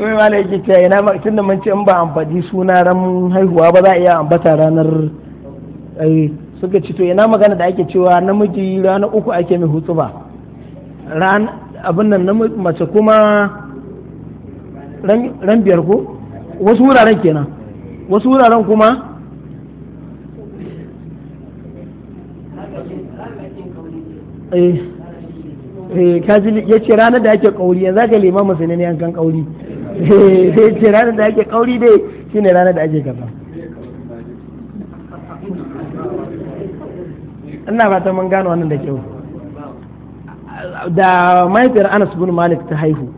wai wala yake cewa yana makin da mun in ba amfani suna ran haihuwa ba za a iya ambata ranar ai eh, suka ci to ina magana da ake cewa namiji ranar uku ake mai hutu ba ran abin nan mace kuma ran biyar ko wasu wuraren kenan wasu wuraren kuma eh, eh, kaji ya ce ranar da ake kauri yanzu aka lima musu ne yankan kauri sai eh, ce ranar da ake kauri dai shine ranar da ake kafa ina fata mun gano wannan da kyau da mahaifiyar anas bin malik ta haihu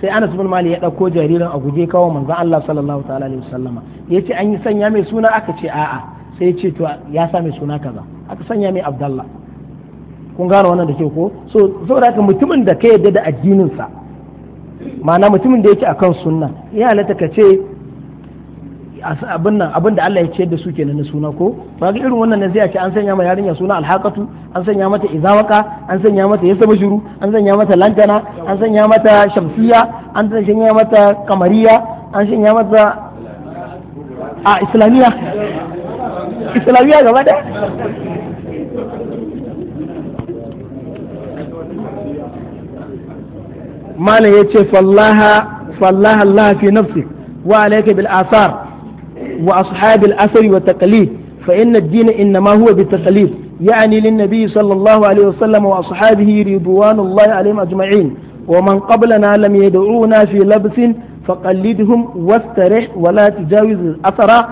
sai Anas bin Malik ya dauko jaririn a guje kawo manzon Allah sallallahu ta'ala alaihi wasallama yace an yi sanya mai suna aka ce a'a sai ya ce to ya sa mai suna kaza aka sanya mai abdallah kun gano wannan da ke ko so saboda mutumin da ka yadda da addinin sa ma'ana mutumin da yake akan sunna ya halatta ka ce abin nan abin da Allah ya ciyar da su kenan na suna ko ba ga irin wannan ne zai a ce an sanya ma yarinya suna alhaqatu an sanya mata izawaka an sanya mata yasabashuru an sanya mata lantana an sanya mata shamsiya an sanya mata kamariya an sanya mata a islamiya islamiya gaba da malam ya ce fallaha fallaha Allah fi nafsi wa alayka bil asar وأصحاب الأثر والتقليد فإن الدين إنما هو بالتقليد يعني للنبي صلى الله عليه وسلم وأصحابه رضوان الله عليهم أجمعين ومن قبلنا لم يدعونا في لبس فقلدهم واسترح ولا تجاوز الأثر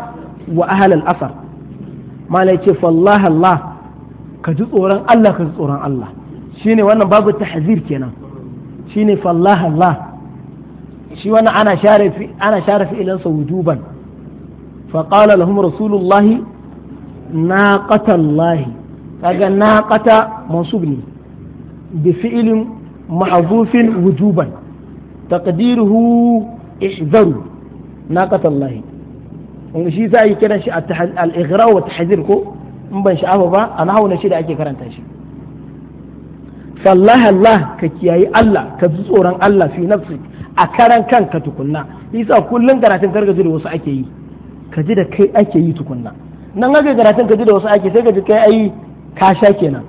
وأهل الأثر ما لا فالله الله كجزء الله كجزء الله shine wannan babu tahzir kenan shine fallah Allah shi wannan ana share ana share fi'ilan sa wujuban فقال لهم رسول الله ناقة kaga naqata mansub ne bi fi'ilin ma'zufin wujuban taqdiruhu ihzaru naqata Allah in shi za a yi kiran shi al wa tahzir ko in ban sha'afa ba a hauna shi da ake karanta shi sallah Allah ka kiyayi Allah ka ji tsoron Allah fi a karan kanka tukunna yasa kullun karatun gargajiya da wasu ake yi ka ji da kai ake yi tukunna nan ga karatun ka ji da wasu ake sai ka ji kai ai ka sha kenan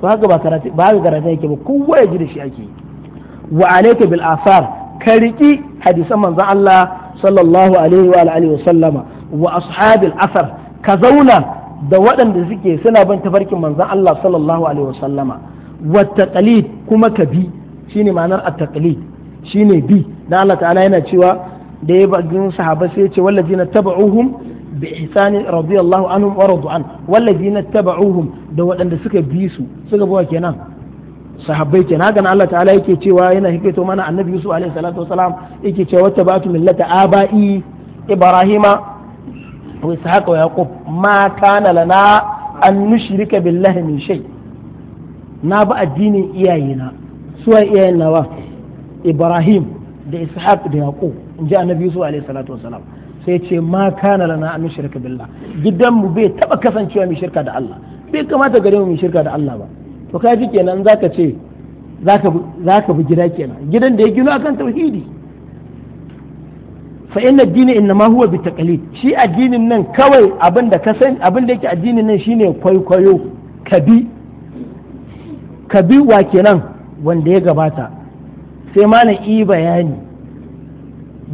to haka ba karatu ba haka karatun yake ba kowa ya ji da shi ake yi wa alayka bil asar ka riki hadisan manzon Allah sallallahu alaihi wa alihi wa sallama wa ashabil asar ka zauna da waɗanda suke suna bin tafarkin manzon Allah sallallahu alaihi wa sallama wa taqlid kuma ka bi shine ma'anar at-taqlid shine bi dan Allah ta'ala yana cewa da ya bagin sahaba sai ce wallazina taba'uhum bi ihsani radiyallahu anhu wa radu an wallazina taba'uhum da waɗanda suka bi su suka bawa kenan sahabbai kenan haka Allah ta'ala yake cewa yana hikaito mana annabi Yusuf alaihi salatu wasalam yake cewa wattaba'tu millata aba'i ibrahima wa ishaqa wa yaqub ma kana lana an nushrika billahi min shay na ba addinin iyayena suwa iyayen nawa ibrahim da ishaq da yaqub in ji annabi yusuf alaihi salatu wasalam sai ce ma kana lana an shirka billah gidan mu bai taba kasancewa mai shirka da Allah bai kamata gare mu mai shirka da Allah ba to kai ji kenan zaka ce zaka zaka bi gida kenan gidan da ya gino akan tauhidi fa inna dini inna ma huwa bitaqlid shi addinin nan kawai abinda ka san abin yake addinin nan shine kwaikwayo kabi kabi wa kenan wanda ya gabata sai malam i bayani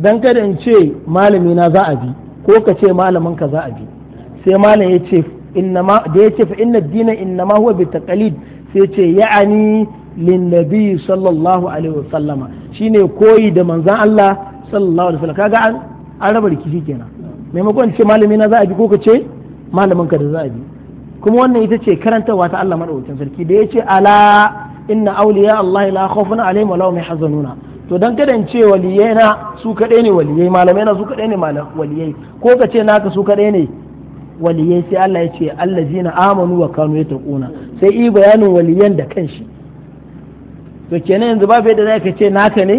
dan kada in ce malami na za a bi ko ka ce malamin ka za a bi sai malam ya ce innama da ya ce fa inna dina innama huwa bi taqalid sai ce ya'ani lin nabi sallallahu alaihi wasallama shine koyi da manzon Allah sallallahu alaihi wasallam kaga an an raba rikici kenan maimakon ce malami na za a bi ko ka ce malamin ka da za a bi kuma wannan ita ce karantarwa ta Allah madaukakin sarki da ya ce ala inna awliya Allah la khawfun alaihim wa la hum yahzanuna to dan kada in ce waliyai na su kaɗai ne waliyai malamai na su kaɗai ne waliyai ko ka ce naka su kaɗai ne waliyai sai Allah ya ce allazina amanu wa kanu yattaquna sai i bayanin waliyan da kanshi to kenan yanzu ba fa da ka ce naka ne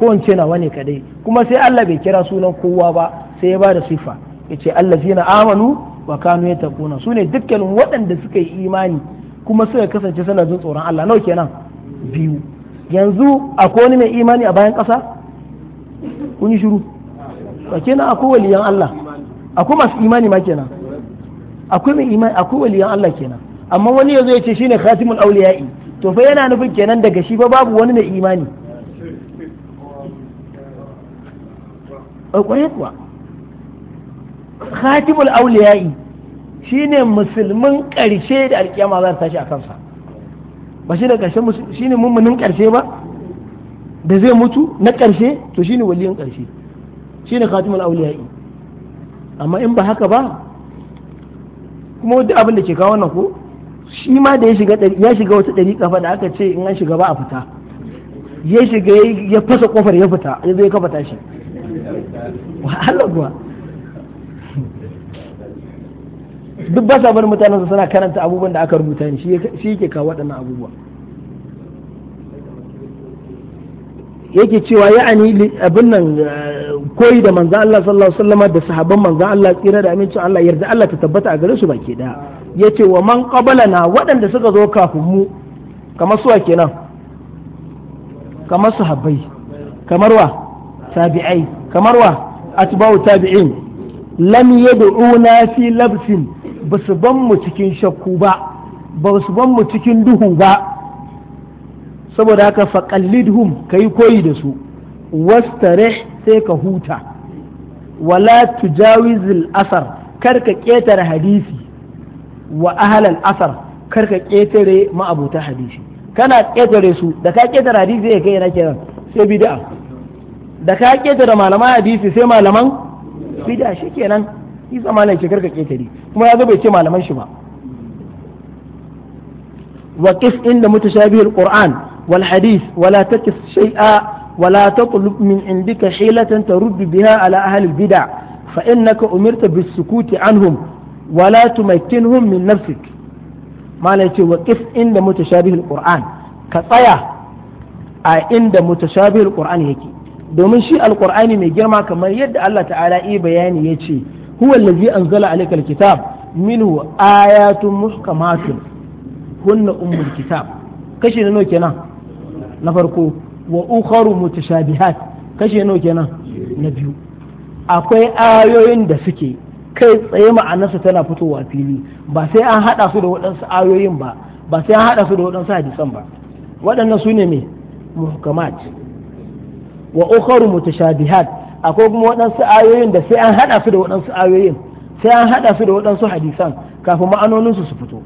ko in ce nawa ne kadai kuma sai Allah bai kira sunan kowa ba sai ya bada sifa yace allazina amanu wa kanu Su ne dukkanin waɗanda suka yi imani kuma suka kasance suna jin tsoron Allah nawa kenan biyu yanzu akwai wani mai imani a bayan ƙasa kun yi shiru ba kenan akwai waliyan Allah akwai masu imani ma kenan akwai mai imani akwai waliyan Allah kenan amma wani yanzu ya ce shi ne khatimul auliya'i to fa yana nufin kenan daga shi fa babu wani mai imani akwai kuwa khatimul shi shine musulmin ƙarshe da alƙiyama za ta tashi a kansa ba shi da musu shi ne mummunin ƙarshe ba da zai mutu na ƙarshe to shi ne waliyan ƙarshe shi ne khatimul auliya'i amma in ba haka ba kuma wadda abin da ke kawo wannan ko shi ma da ya shiga ya shiga wata ɗari kafa da aka ce in an shiga ba a fita ya shiga ya fasa kofar ya fita ya zai kafa tashi wahala kuwa duk ba sa bar mutanen suna karanta abubuwan da aka rubuta ne shi yake kawo waɗannan abubuwa yake cewa ani abin nan eh, koyi da manzan Allah sallallahu alaihi wasallam da sahabban manzan Allah tsira da amincin Allah yarda Allah ta tabbata a gare su baki daya yace wa man qabalana waɗanda suka zo kafin mu kamar suwa kenan kamar sahabbai kamar wa tabi'ai kamar wa atba'u tabi'in lam yad'una fi labsin ba su ban mu cikin shakku ba ba su ban mu cikin duhu ba saboda haka faƙallidhum ka yi koyi da su wastare sai ka huta wala tujawizil asar kar ka ƙetare hadisi wa ahalal asar kar ka ƙetare ma'abuta hadisi kana ƙetare su da ka ƙetare hadisi ya eh, kai na sai bid'a da ka ƙetare malaman hadisi sai malaman bid'a kenan. isa malam ce karka ketare kuma ya zo bai ce malaman shi ba wa qis inda mutashabihi alquran wal hadith wala takis shay'a wala taqlub min indika hilatan tarud biha ala ahli bida fa innaka umirta bisukuti anhum wala tumakkinhum min nafsik malam ce wa qis inda mutashabihi quran ka tsaya a inda mutashabihi quran yake domin shi alqur'ani mai girma kamar yadda Allah ta'ala yi bayani yace هو الذي anzala عليك الكتاب منه ayatun محكمات hunna ummul الكتاب كشي na nawa na farko كشي ukharu mutashabihat نبيو na biyu akwai ayoyin da suke kai tsaye ma'anarsa tana fitowa fili ba sai an haɗa su da waɗansu ayoyin ba ba sai an haɗa su da waɗansu hadisan ba waɗannan su ne mai muhkamat wa ukharu mutashabihat akwai kuma waɗansu ayoyin da sai an haɗa su da waɗansu ayoyin sai an haɗa su da waɗansu hadisan kafin ma'anoninsu su fito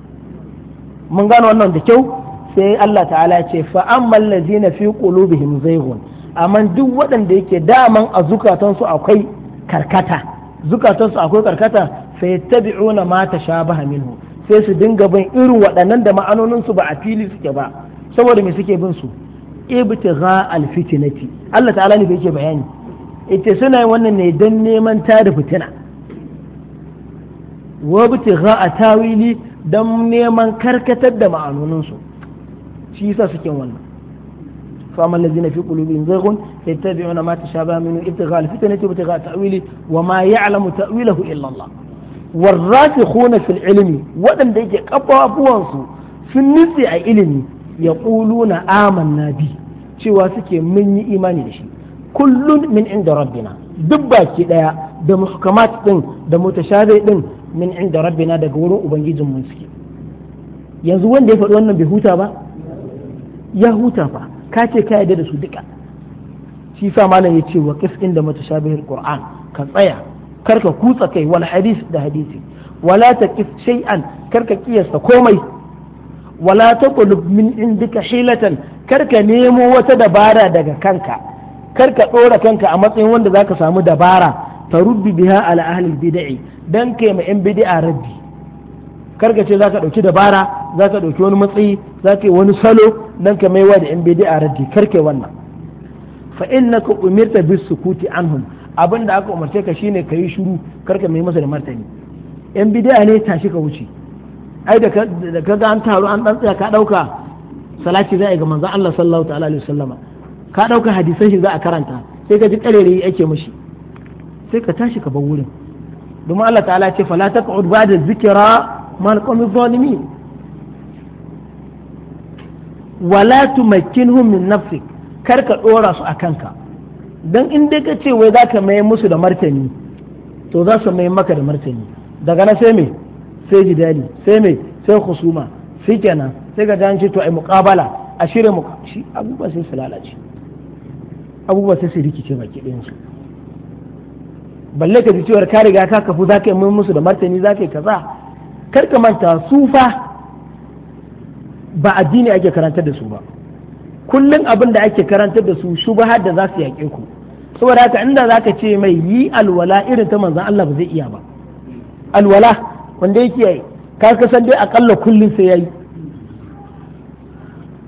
mun gano wannan da kyau sai Allah ta'ala ce fa amman ladina fi qulubihim zaygun amma duk waɗanda yake daman a zukatansu akwai karkata zukatansu akwai karkata fa yattabi'una ma tashabaha minhu sai su dinga bin irin waɗannan da ma'anoninsu ba a fili suke ba saboda me suke bin su ibtigha alfitnati Allah ta'ala ne yake bayani ita suna wannan ne don neman tada fitina wabuti ga a tawili don neman karkatar da ma'anoninsu shi yasa suke wannan فأما الذين في قلوبهم زيغ يتبعون ما تشابه منه ابتغاء الفتنة وابتغاء تأويله وما يعلم تأويله إلا الله والراسخون في العلم ودن ديك أبوانسو في النزع علم يقولون آمنا به شوى سكي من إيماني لشيء kullun min inda rabbina duk baki daya da muhkamat din da mutashabi din min inda rabbina daga wurin ubangijin mun suke yanzu wanda ya faɗi wannan bai huta ba ya huta fa ka ce ka yarda da su duka shi sa malam ya ce wa qis inda mutashabihil qur'an ka tsaya karka kutsa kai wal hadis da hadisi wala taqis shay'an karka kiyasta komai wala taqulub min indika hilatan karka nemo wata dabara daga kanka kar ka ɗora kanka a matsayin wanda ka samu dabara ta rubbi biha ala ahli bid'i dan kai ma yan bid'a rabbi kar ka ce zaka ɗauki dabara zaka ɗauki wani matsayi zaka yi wani salo dan ka maiwa da yan bid'a rabbi kar wannan fa innaka umirta bis sukuti anhum abin da aka umarce ka shine ka yi shiru kar ka mai masa da martani yan bid'a ne tashi ka wuce ai da ka ga an taru an dan tsaya ka ɗauka salati za a yi ga manzon Allah sallallahu ta'ala alaihi wasallama ka ɗauka hadisan shi za a karanta sai ka ji ƙarere ake mishi sai ka tashi ka bar wurin domin Allah ta'ala ce fa fala taq'ud ba'da zikra mal qawmi zalimin wala tumakkinhum min nafsik kar ka ɗora su a ka dan in dai ka ce wai zaka mai musu da martani to za su mai maka da martani daga na sai me sai jidali sai me sai khusuma sai kenan sai ga dan ce to ai muqabala a shirye mu shi abubuwa sai su lalace abubuwa sai su rikice baki ɗin su balle ka ji cewar ka riga ka kafu za ka yi musu da martani za ka yi kaza kar ka manta su fa ba addini ake karantar da su ba kullum abin da ake karantar da su shu da za su yaƙe ku saboda haka inda za ka ce mai yi alwala irin ta manzan Allah ba zai iya ba alwala wanda yake ka san dai akalla kullum sai yayi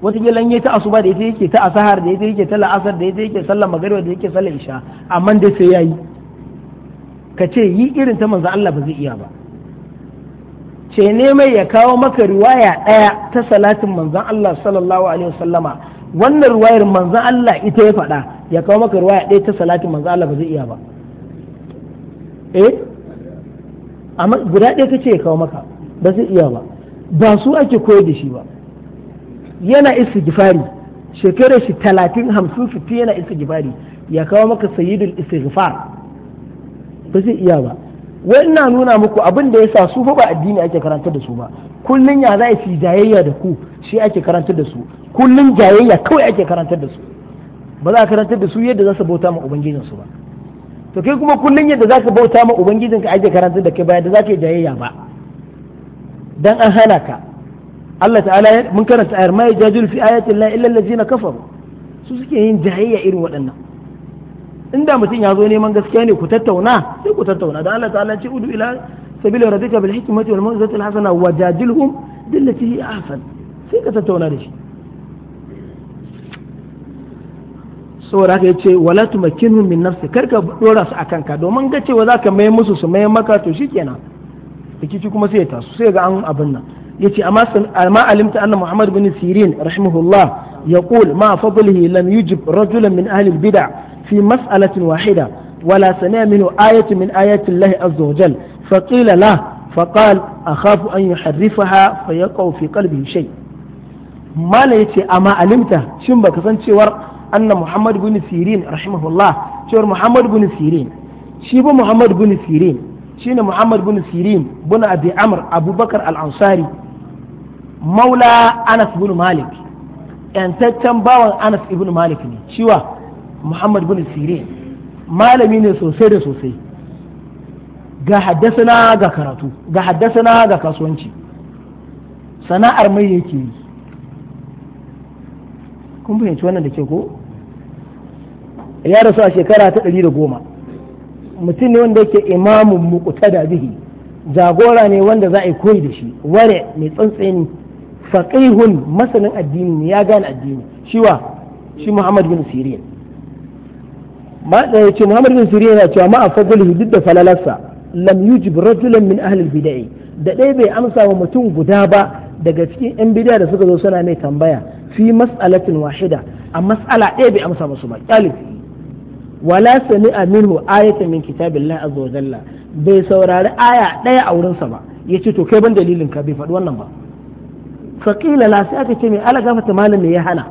wataƙila yi ta asuba da ita yake ta asahar da ita yake ta la'asar da ita yake sallar magariba da yake sallar isha amma da sai yayi ka ce yi irin ta manzo Allah ba zai iya ba ce ne mai ya kawo maka riwaya ɗaya ta salatin manzon Allah sallallahu alaihi wasallama wannan ruwayar manzon Allah ita ya faɗa ya kawo maka ruwaya ɗaya ta salatin manzon Allah ba zai iya ba eh amma guda ɗaya kace ya kawo maka ba zai iya ba ba su ake koyar da shi ba yana istighfari shekara shi talatin hamsin fiti yana istighfari ya kawo maka sayidul istighfar ba zai iya ba wai ina nuna muku abin da yasa su fa ba addini ake karantar da su ba kullun ya za su jayayya da ku shi ake karantar da su kullun jayayya kawai ake karantar da su ba za a karantar da su yadda za su bauta ma ubangijin su ba to kai kuma kullun yadda za ka bauta ma ubangijin ka ake karantar da kai ba yadda za ka jayayya ba dan an hana ka Allah ta'ala mun karanta ayar mai yajadul fi ayati llahi illa allazina kafaru su suke yin jahiyya irin waɗannan inda mutum ya zo neman gaskiya ne ku tattauna sai ku tattauna da Allah ta'ala ce udu ila sabila radika bil hikmati wal mawizati al hasana wa jadilhum dillati hi ahsan sai ka tattauna da shi saboda haka yace wala tumakkinhum min nafsi karka dora su akan ka domin ga cewa zaka mai musu su mai maka to shikenan rikici kuma sai ya taso sai ga an abin nan yace amma alimta ana muhammad bin sirin rahimahullah yaqul ma fadlihi lam yujib rajulan min ahli bida fi mas'alatin wahida wala sami'a minhu ayatu min ayati allahi azza wa jal fa qila la fa qal akhafu an yuharrifaha shay mala yace amma alimta shin baka san cewar anna muhammad bin sirin rahimahullah cewar muhammad bin sirin shi muhammad bin sirin shine muhammad bin sirin bin abi amr abubakar al-ansari maula anas ibn malik yantaccen bawan anas ibn malik ne cewa muhammad bin sirin malami ne sosai da sosai ga haddasa ga karatu ga haddasa ga kasuwanci sana'ar mai yake yi kun fahimci wannan da ke ko ya rasu a shekara ta ɗari da goma mutum ne wanda yake imamun mukuta da bihi jagora ne wanda za a yi koyi da shi ware mai tsantseni Faƙihun masanin addini ya gane addini shi shi Muhammad bin Sirin ma da eh, yace Muhammad bin Sirin yana cewa ma afdalihi duk da falalarsa lam yujib rajulan min ahli bid'ah da dai bai amsa wa mutum guda ba daga cikin yan bid'a da suka zo suna mai tambaya fi mas'alatin wahida a mas'ala ɗaya bai amsa musu ba ɗalibi wala sami aminu ayatan min kitabillah azza wa jalla bai saurari aya ɗaya a wurinsa ba yace to kai ban dalilin ka bai faɗi wannan ba faƙila la sai aka ce mai ala ta malam me ya hana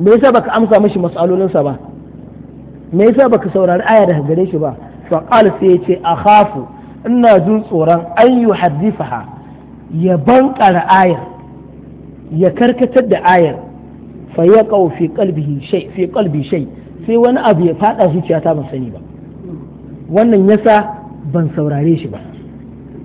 me yasa baka amsa mashi mas'alolinsa ba me yasa baka saurari aya da gare shi ba fa qala sai ya ce akhafu ina jin tsoron an yi hadifaha ya bankara ayar ya karkatar da ayar fa yaqau fi fi qalbi shai sai wani abu ya fada zuciyata ban sani ba wannan yasa ban saurare shi ba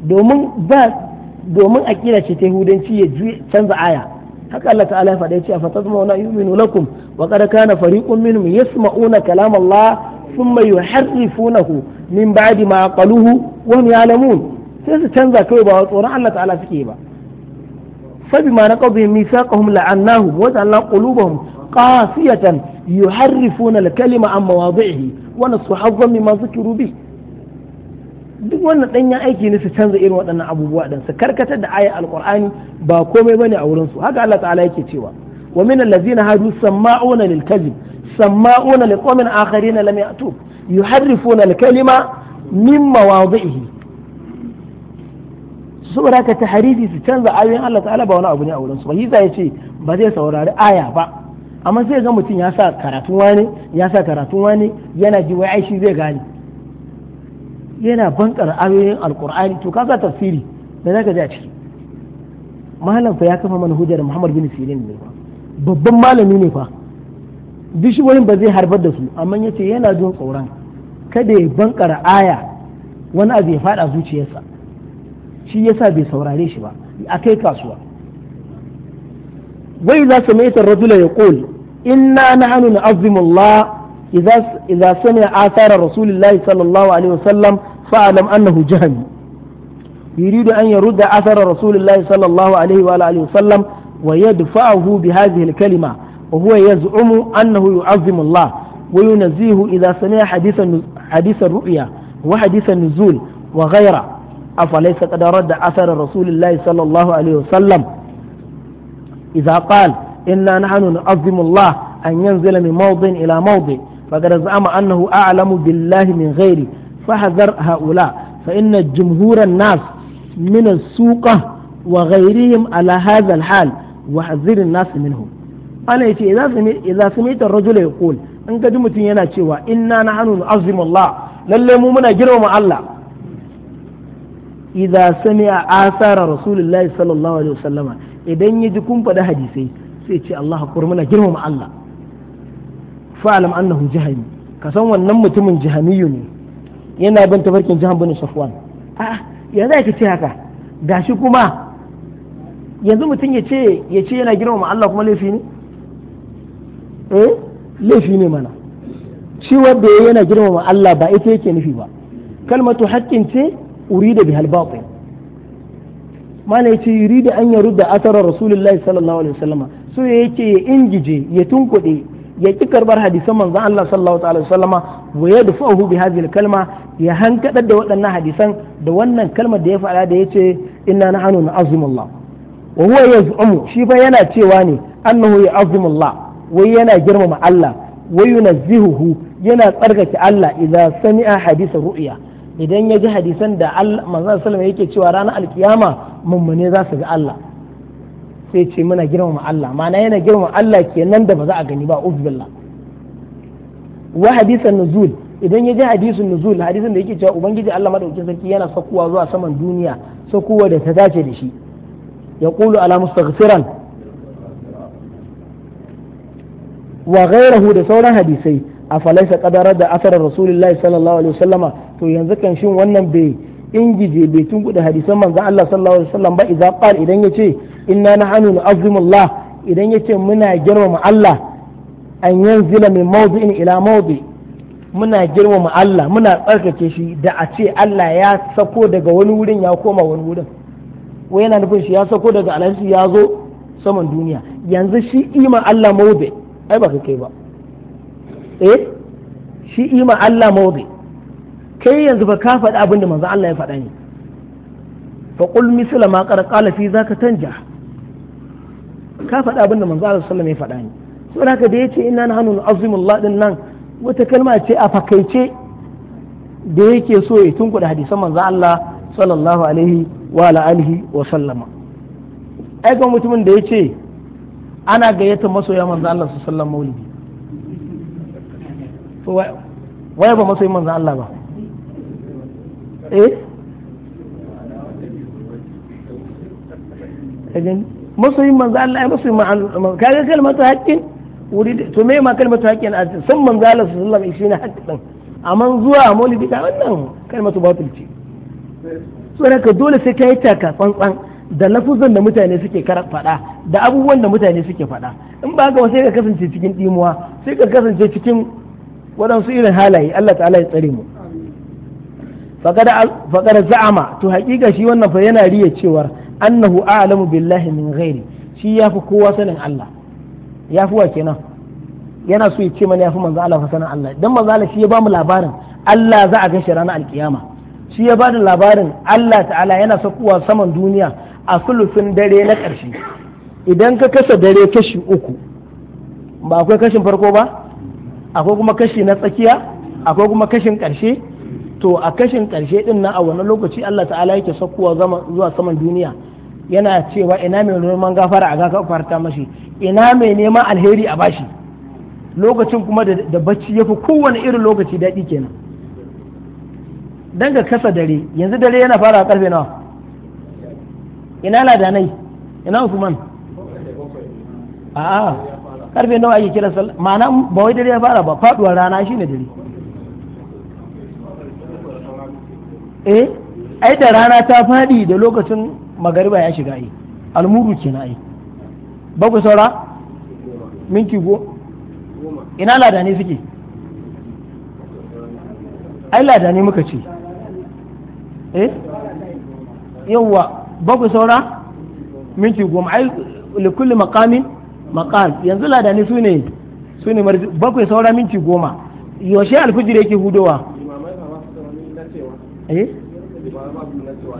domin ba domin a kila ce ta yahudanci ya canza aya haka Allah ta'ala ya faɗa ya ce fa tazmauna yu'minu lakum wa qad kana fariqun minhum yasma'una kalam Allah thumma yuharrifunahu min ba'di ma qaluhu wa hum ya'lamun sai su canza kai ba tsoron Allah ta'ala suke ba sabi ma na qawbi misaqahum la'annahu wa ta'ala qulubuhum qasiyatan yuharrifuna al-kalima an mawadi'ihi wa nasu hazzan mimma zukiru bihi duk wannan danyen aiki ne su canza irin waɗannan abubuwa ɗin su karkatar da ayar Alƙur'ani ba komai bane a wurinsu, su haka Allah ta'ala yake cewa wa min allazina hadu sama'una lil kadhib sama'una li qawmin akharin lam ya'tu yuharrifuna al kalima min mawadhihi saboda ka taharifi su canza ayoyin Allah ta'ala ba wani abu ne a wurin su ba hiza yace ba zai saurari aya ba amma sai ga mutum ya sa karatun wani ya sa karatun wani yana ji wai ai shi zai gane yana bankar ayoyin alkur'ani to kaga tafsiri da zaka ji a ciki malam fa ya kafa mana hujjar Muhammad bin Sirin ne babban malami ne fa duk shi wani ba zai harbar da su amma yace yana jin tsoron kada ya bankar aya wani abu ya fada zuciyarsa shi yasa bai saurare shi ba a kai kasuwa wai za su mai rajula ya qul inna nahnu na'zimu Allah إذا سمع آثار رسول الله صلى الله عليه وسلم فاعلم أنه جهمي يريد أن يرد أثر رسول الله صلى الله عليه وآله وسلم ويدفعه بهذه الكلمة وهو يزعم أنه يعظم الله وينزيه إذا سمع حديث حديث الرؤيا وحديث النزول وغيره أفليس قد رد أثر رسول الله صلى الله عليه وسلم إذا قال إنا نحن نعظم الله أن ينزل من موضع إلى موضع magana za mu annahu a'lamu billahi min ghairi fahadhar haula fa inna jumhuran na min as-suqa wa ghairihim ala hadha al-hal wa hadhir an-nas minhu ana yace idza sami idza sami in ka ji mutun yana cewa inna na azimu Allah lalle mu muna girmama Allah idza sami'a asara rasulullahi sallallahu alaihi wasallama idan yaji kun faɗi hadisai sai ce Allah akbar muna girmama Allah fa'alam annahu jahami ka san wannan mutumin jahamiyu ne yana bin tafarkin jahan bin safwan a'a ya za ka ce haka gashi kuma yanzu mutum ya ce ya ce yana girmama Allah kuma laifi ne eh laifi ne mana shi wanda yana girmama Allah ba ita yake nufi ba kalmatu haƙƙin ce urida bihal batil mana yace da an yarudda asarar rasulullahi sallallahu alaihi wasallama so yake ya ingije ya tunkuɗe ya ki karbar hadisan manzon Allah sallallahu alaihi wasallama wa yadfa'uhu bi hadhihi kalma ya hankadar da waɗannan hadisan da wannan kalmar da ya faɗa da yace inna nahnu na'zumullah wa huwa yaz'umu shi fa yana cewa ne annahu ya'zumullah wai yana girmama Allah wai yunazzihuhu yana tsarkake Allah idan sami'a hadisa ru'ya idan ya ji hadisan da Allah manzon sallallahu alaihi yake cewa ranar alkiyama mummune za su ga Allah sai ce muna girmama Allah ma'ana yana girmama Allah kenan da ba za a gani ba ubillah wa hadisan nuzul idan ya ji hadisin nuzul hadisin da yake cewa ubangiji Allah madaukakin sarki yana sakuwa zuwa saman duniya sakuwa da ta dace da shi ya qulu ala mustaghfiran wa ghairahu da sauran hadisai afalaisa qadara da asarar rasulullahi sallallahu alaihi wasallama to yanzu kan shin wannan bai ingije bai tunkuɗe hadisan manzan Allah sallallahu alaihi wasallam ba idza qal idan yace inna nahnu nu'azzimullah idan yace muna girmama Allah an yanzila min mawdi'in ila mawdi muna girmama Allah muna tsarkake shi da a ce Allah ya sako daga wani wurin ya koma wani wurin wai yana nufin shi ya sako daga alhaji ya zo saman duniya yanzu shi ima Allah mawdi ai ba kai ba eh shi ima Allah mawdi' kai yanzu ba ka faɗi abin da manzo Allah ya faɗa ne fa qul misla ma qala fi zaka tanja ka faɗi abin da manzo Allah sallallahu alaihi wasallam ya faɗa ne saboda haka da yace inna nahnu Allah din nan wata kalma ce a fakaice da yake so ya tunkuda hadisan manzo Allah sallallahu alaihi wa alihi wa sallama ai ga mutumin da yace ana gayyatar masoya manzo Allah sallallahu alaihi wa sallam maulidi wai ba masoyin manzo Allah ba eh kagan eh, masoyin manzo Allah ya masoyin ma'an kaga kalmatu haqqin wuri to me ma kalmatu haqqin a san manzo Allah sallallahu alaihi wasallam shine haqqin amma zuwa maulidi ka wannan kalmatu batil ce saboda ka dole sai ka yi taka tsantsan da lafuzan da mutane suke faɗa da abubuwan da mutane suke faɗa in ba haka sai ka kasance cikin dimuwa sai ka kasance cikin waɗansu irin halaye Allah ta'ala ya tsare mu faqad za'ama to haƙiƙa shi wannan fa yana riya cewar annahu a'lamu billahi min ghairi shi yafi kowa sanin Allah yafi wa kenan yana so ya ce mana yafi manzo Allah fa sanin Allah dan manzo Allah shi ya ba mu labarin Allah za a ga shi ranar alkiyama shi ya ba da labarin Allah ta'ala yana sakuwa saman duniya a sulufin dare na ƙarshe idan ka kasa dare kashi uku ba akwai kashin farko ba akwai kuma kashi na tsakiya akwai kuma kashin ƙarshe to a kashin ƙarshe din na a wani lokaci Allah ta'ala yake sakkuwa zuwa saman duniya yana cewa ina mai neman gafara a farta mashi ina mai neman alheri a bashi lokacin kuma da bacci ya fi kowane irin lokaci daɗi kenan dan ga kasa dare yanzu dare yana fara karfe nawa ina nai ina Usman a'a karfe nawa ake kira sallah ma'ana ba wai dare ya fara ba faduwar rana shine dare eh ai da rana ta faɗi da lokacin magariba ya shiga yi almuru na ai ba ku saura minti go ina ladane suke ai ladane muka ce eh yawwa ba ku saura minti goma ai likulli makamin maqal yanzu ladane su ne su ne bakwai saura minti goma yaushe alfijir yake hudowa eh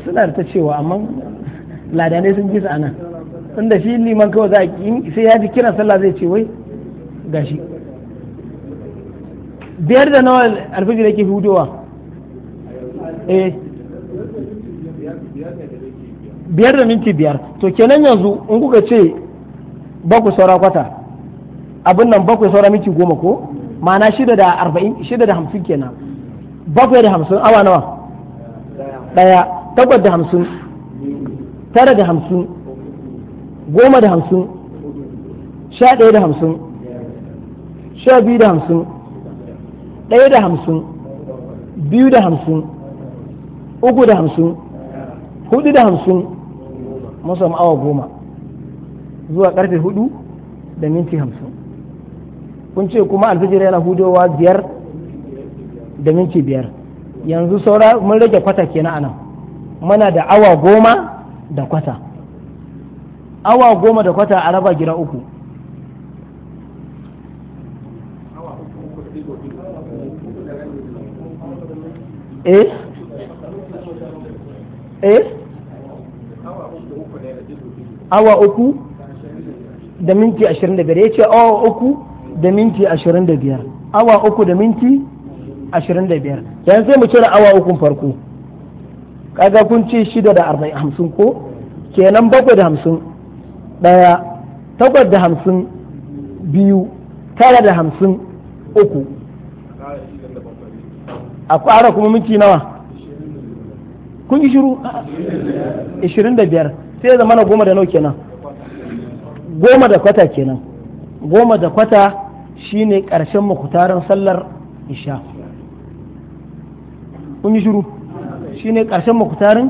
suna da ta cewa amma ladanai sun ji su inda shi liman kawai za a sai ya fi kiran sallah zai ce wai gashi biyar da nawa alfajir yake hudowa eh biyar da minti biyar to kenan yanzu in kuka ce bakwai saura kwata abin nan bakwai saura minti goma ko ma'ana shida da arba'in shida da hamsin kenan bakwai da hamsin awa nawa ɗaya takwas da hamsin tara da hamsin goma da hamsin sha ɗaya da hamsin sha biyu da hamsin ɗaya da hamsin biyu da hamsin uku da hamsin hudu da hamsin musamman awa goma zuwa ƙarfe hudu da minti hamsin kun ce kuma alfijir yana hudowa biyar da minti biyar yanzu saura mun rage kwata kenan anan muna da awa goma da kwata awa goma da kwata a raba gida uku eh eh awa uku da minti ashirin da biyar ya ce awa uku da minti ashirin da biyar awa uku da minti ashirin da biyar yanzu sai mu cire awa ukun farko kaga kun ce shida da arba'in hamsin ko kenan bakwai da hamsin ɗaya takwas da hamsin biyu tara da hamsin uku a ƙara kuma minti nawa kun yi shiru ishirin da biyar sai zama na goma da nau kenan goma da kwata kenan goma da kwata shine ƙarshen makutarin sallar isha kun yi shiru shine karshen makutarin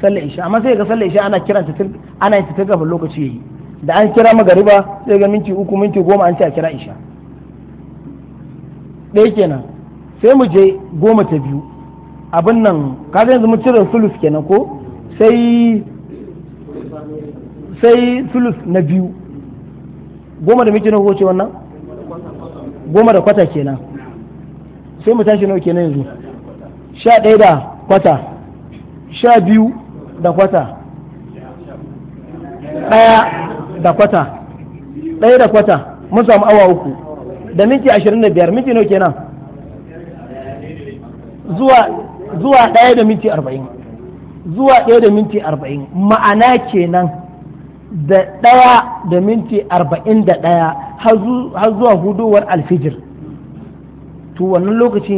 sallar isha amma sai ga sallar isha ana kiranta ana yi ta gaban lokaci yayi da an kira magariba sai ga minti uku minti goma an ce a kira isha ɗaya kenan sai mu je goma ta biyu abin nan kaga yanzu mun cire sulus kenan ko sai sai sulus na biyu goma da miki na ce wannan goma da kwata kenan sai mu tashi nawa kenan yanzu sha ɗaya da kwata sha biyu da kwata ɗaya da kwata ɗaya da kwata mun samu awa uku da minti ashirin da biyar minti nawa kenan zuwa zuwa ɗaya da minti arba'in zuwa ɗaya da minti arba'in ma'ana kenan da ɗaya da minti arba'in da ɗaya har zuwa hudowar alfijir to wannan lokaci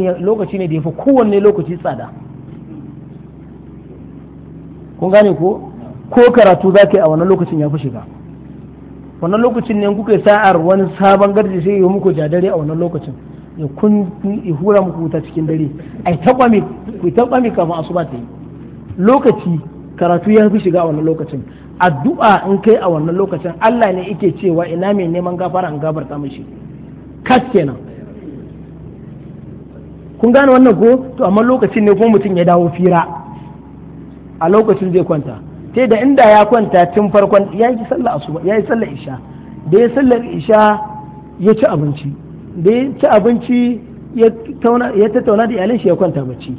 ne da ya fi kowanne lokaci tsada kun gane ko ko karatu za ka yi a wannan lokacin ya fi shiga wannan lokacin ne kuka yi sa'ar wani sabon garje sai yi muku jadare a wannan lokacin ya kun hura muku wuta cikin dare ai taɓa ku taɓa ma asuba ta yi lokaci karatu ya fi shiga a wannan lokacin addu'a in kai a wannan lokacin Allah ne yake cewa ina mai neman gafara in gafarta mishi kas kenan kun gane wannan ko to amma lokacin ne ko mutum ya dawo fira a lokacin zai kwanta sai da inda ya kwanta tun farkon ya yi sallah asuba ya yi sallah isha da ya sallar isha ya ci abinci da ya ci abinci ya tattauna da iyalin shi ya kwanta bacci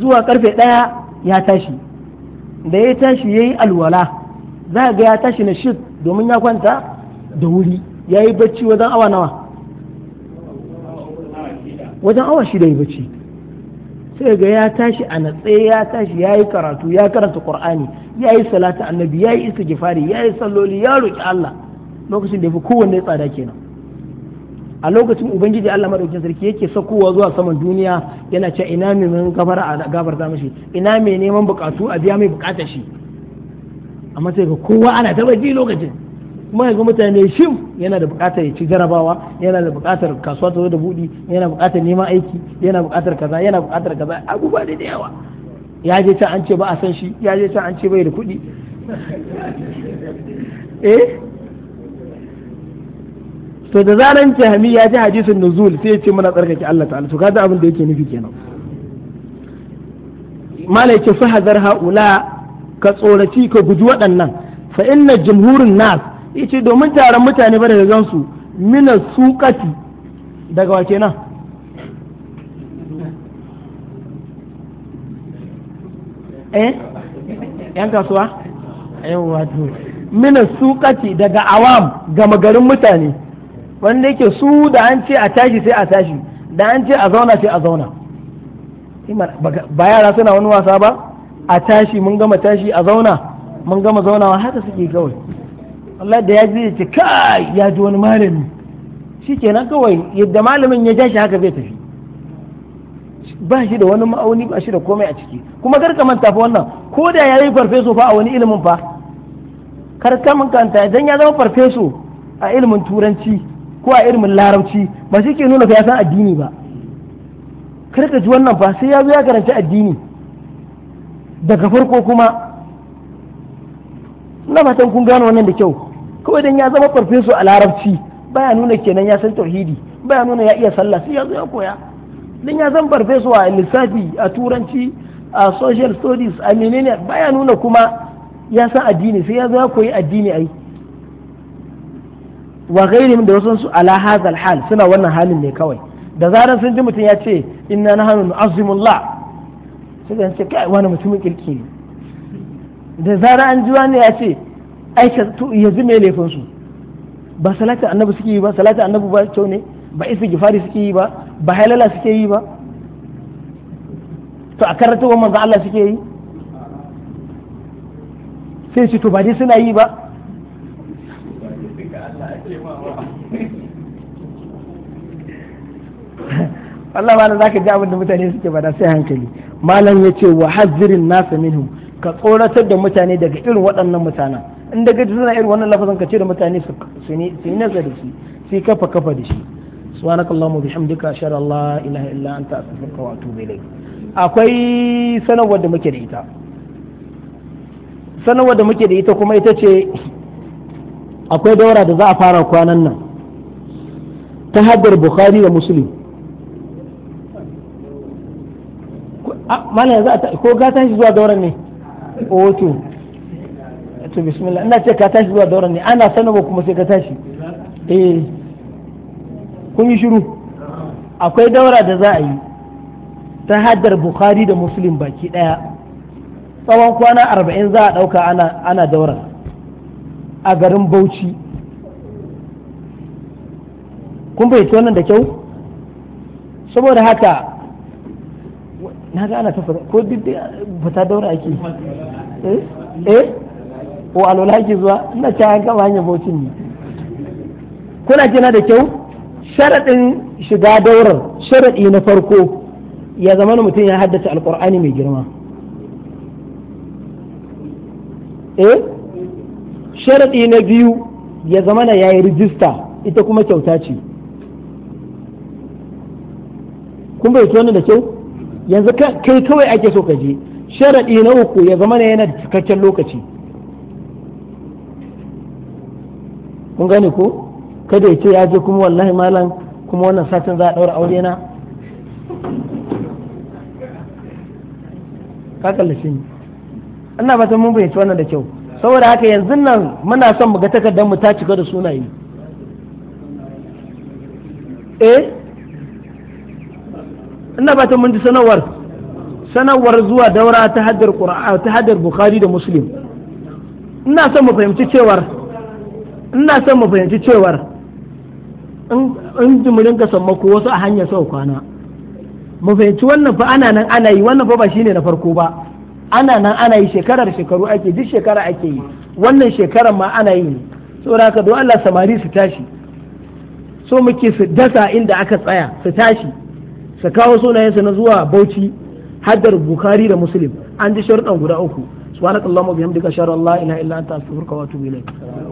zuwa karfe daya ya tashi da ya tashi ya yi alwala za a ga ya tashi na shi domin ya kwanta da wuri ya yi bacci wajen awa nawa wajen awa shida ya bacci sai ga ya tashi a natse ya tashi ya yi karatu ya karanta qur'ani ya yi salata annabi ya yi istighfari ya yi salloli ya roki Allah lokacin da ya fi kowanne tsada kenan a lokacin ubangiji Allah madaukakin sarki yake sakowa zuwa saman duniya yana cewa ina ne neman gabar a gafarta mishi ina mai neman bukatu a biya mai bukatar shi amma sai ga kowa ana ta ji lokacin kuma ga mutane shim yana da buƙatar ya ci jarabawa yana da buƙatar kasuwa ta zo da buɗi yana buƙatar neman aiki yana buƙatar kaza yana buƙatar kaza abubuwa da yawa ya je can an ce ba a san shi ya je can an ce bai da kuɗi eh to da zaran Hami ya ji hadisin nuzul sai ya ce muna tsarkake Allah ta'ala to kaga abin da yake nufi kenan mala yake fa hazar haula ka tsoraci ka guji waɗannan fa inna jumhurun nas yace domin taron mutane ba zan su mina suqati daga wa kenan eh yan kasuwa yawa to mina suqati daga awam gama garin mutane wanda yake su da an ce a tashi sai a tashi da an ce a zauna sai a zauna ba yara suna wani wasa ba a tashi mun gama tashi a zauna mun gama zaunawa haka suke kawai Allah da ya ji ya ce kai ya ji wani malami kenan kawai yadda malamin ya jashi shi haka zai tafi ba shi da wani ma'auni ba shi da komai a ciki kuma kar ka manta fa wannan ko da ya yi farfeso fa a wani ilimin fa kar ka manta idan ya zama farfeso a ilimin turanci ko a ilimin larabci ba shi ke nuna ka ya san addini ba kar ka ji wannan fa sai ya zo ya karanci addini daga farko kuma na fatan kun gano wannan da kyau kawai dan ya zama farfeso a larabci baya nuna kenan ya san tauhidi baya nuna ya iya sallah sai ya zo ya koya dan ya zama farfeso a lissafi a turanci a social studies a menene baya nuna kuma ya san addini sai ya zo ya koyi addini ai wa ghairihim da wasu su ala hadha hal suna wannan halin ne kawai da zarar sun ji mutum ya ce inna nahnu nu'azzimullah sai ce kai wani mutumin kirki ne da zarar an ji wani ya ce aika ya yanzu me laifin su ba salati annabi suke yi ba salati annabi ba kyau ne ba gifari suke yi ba ba halala suke yi ba to a karatuwa manzo Allah suke yi sai su to ba dai suna yi ba Allah ba za ka ji abin da mutane suke da sai hankali malam ya ce wa hazzirin nasa minhu ka tsoratar da mutane daga irin waɗannan mutanen in daga suna irin wannan lafazan ka ce da mutane su ne su nazari su sai kafa kafa da shi subhanakallahumma bihamdika ashhadu an la ilaha illa anta astaghfiruka wa atubu ilayk akwai sanarwar da muke da ita sanarwar da muke da ita kuma ita ce akwai daura da za a fara kwanan nan ta haddar bukhari da muslim mana yanzu ko gatan shi zuwa dauran ne oto to bismillah ina ce ka tashi zuwa dauran ne ana ba kuma sai ka tashi eh kun yi shiru akwai daura da za a yi ta haddar bukhari da muslim baki daya tsawon kwana arba'in za a dauka ana ana daura a garin bauchi kun bai wannan da kyau saboda haka na ga ana ta ko duk fita daura ake eh, eh? ko alwala ki zuwa ina ci an kama hanyar bocin ne kuna kina da kyau sharaɗin shiga daurar sharaɗi na farko ya zama mutum ya haddace alkur'ani mai girma eh sharaɗi na biyu ya zama na yayi rijista ita kuma kyauta ce kun bai tona da kyau yanzu kai kawai ake so ka je sharaɗi na uku ya zama na yana da cikakken lokaci kun gane ko kada ya ce ya je kuma wallahi malam kuma wannan satin za a daura aure na ka kallace ni ina ba mun bayyace wannan da kyau saboda haka yanzu nan muna son mu ga takardar mu ta cika da sunaye eh ina ba mun ji sanarwar sanarwar zuwa daura ta haddar qur'an ta haddar bukhari da muslim ina son mu fahimci cewar ina son mu fahimci cewar in jimurin ka sammako wasu a hanyar sau kwana mu fahimci wannan fa ana nan ana yi wannan fa ba shine na farko ba ana nan ana yi shekarar shekaru ake duk shekara ake yi wannan shekarar ma ana yi ne saboda haka don Allah samari su tashi so muke su dasa inda aka tsaya su tashi su kawo sunayensu na zuwa Bauchi haddar Bukhari da Muslim an ji sharuɗan guda uku subhanakallahumma bihamdika an la ilaha illa anta astaghfiruka wa atubu ilaik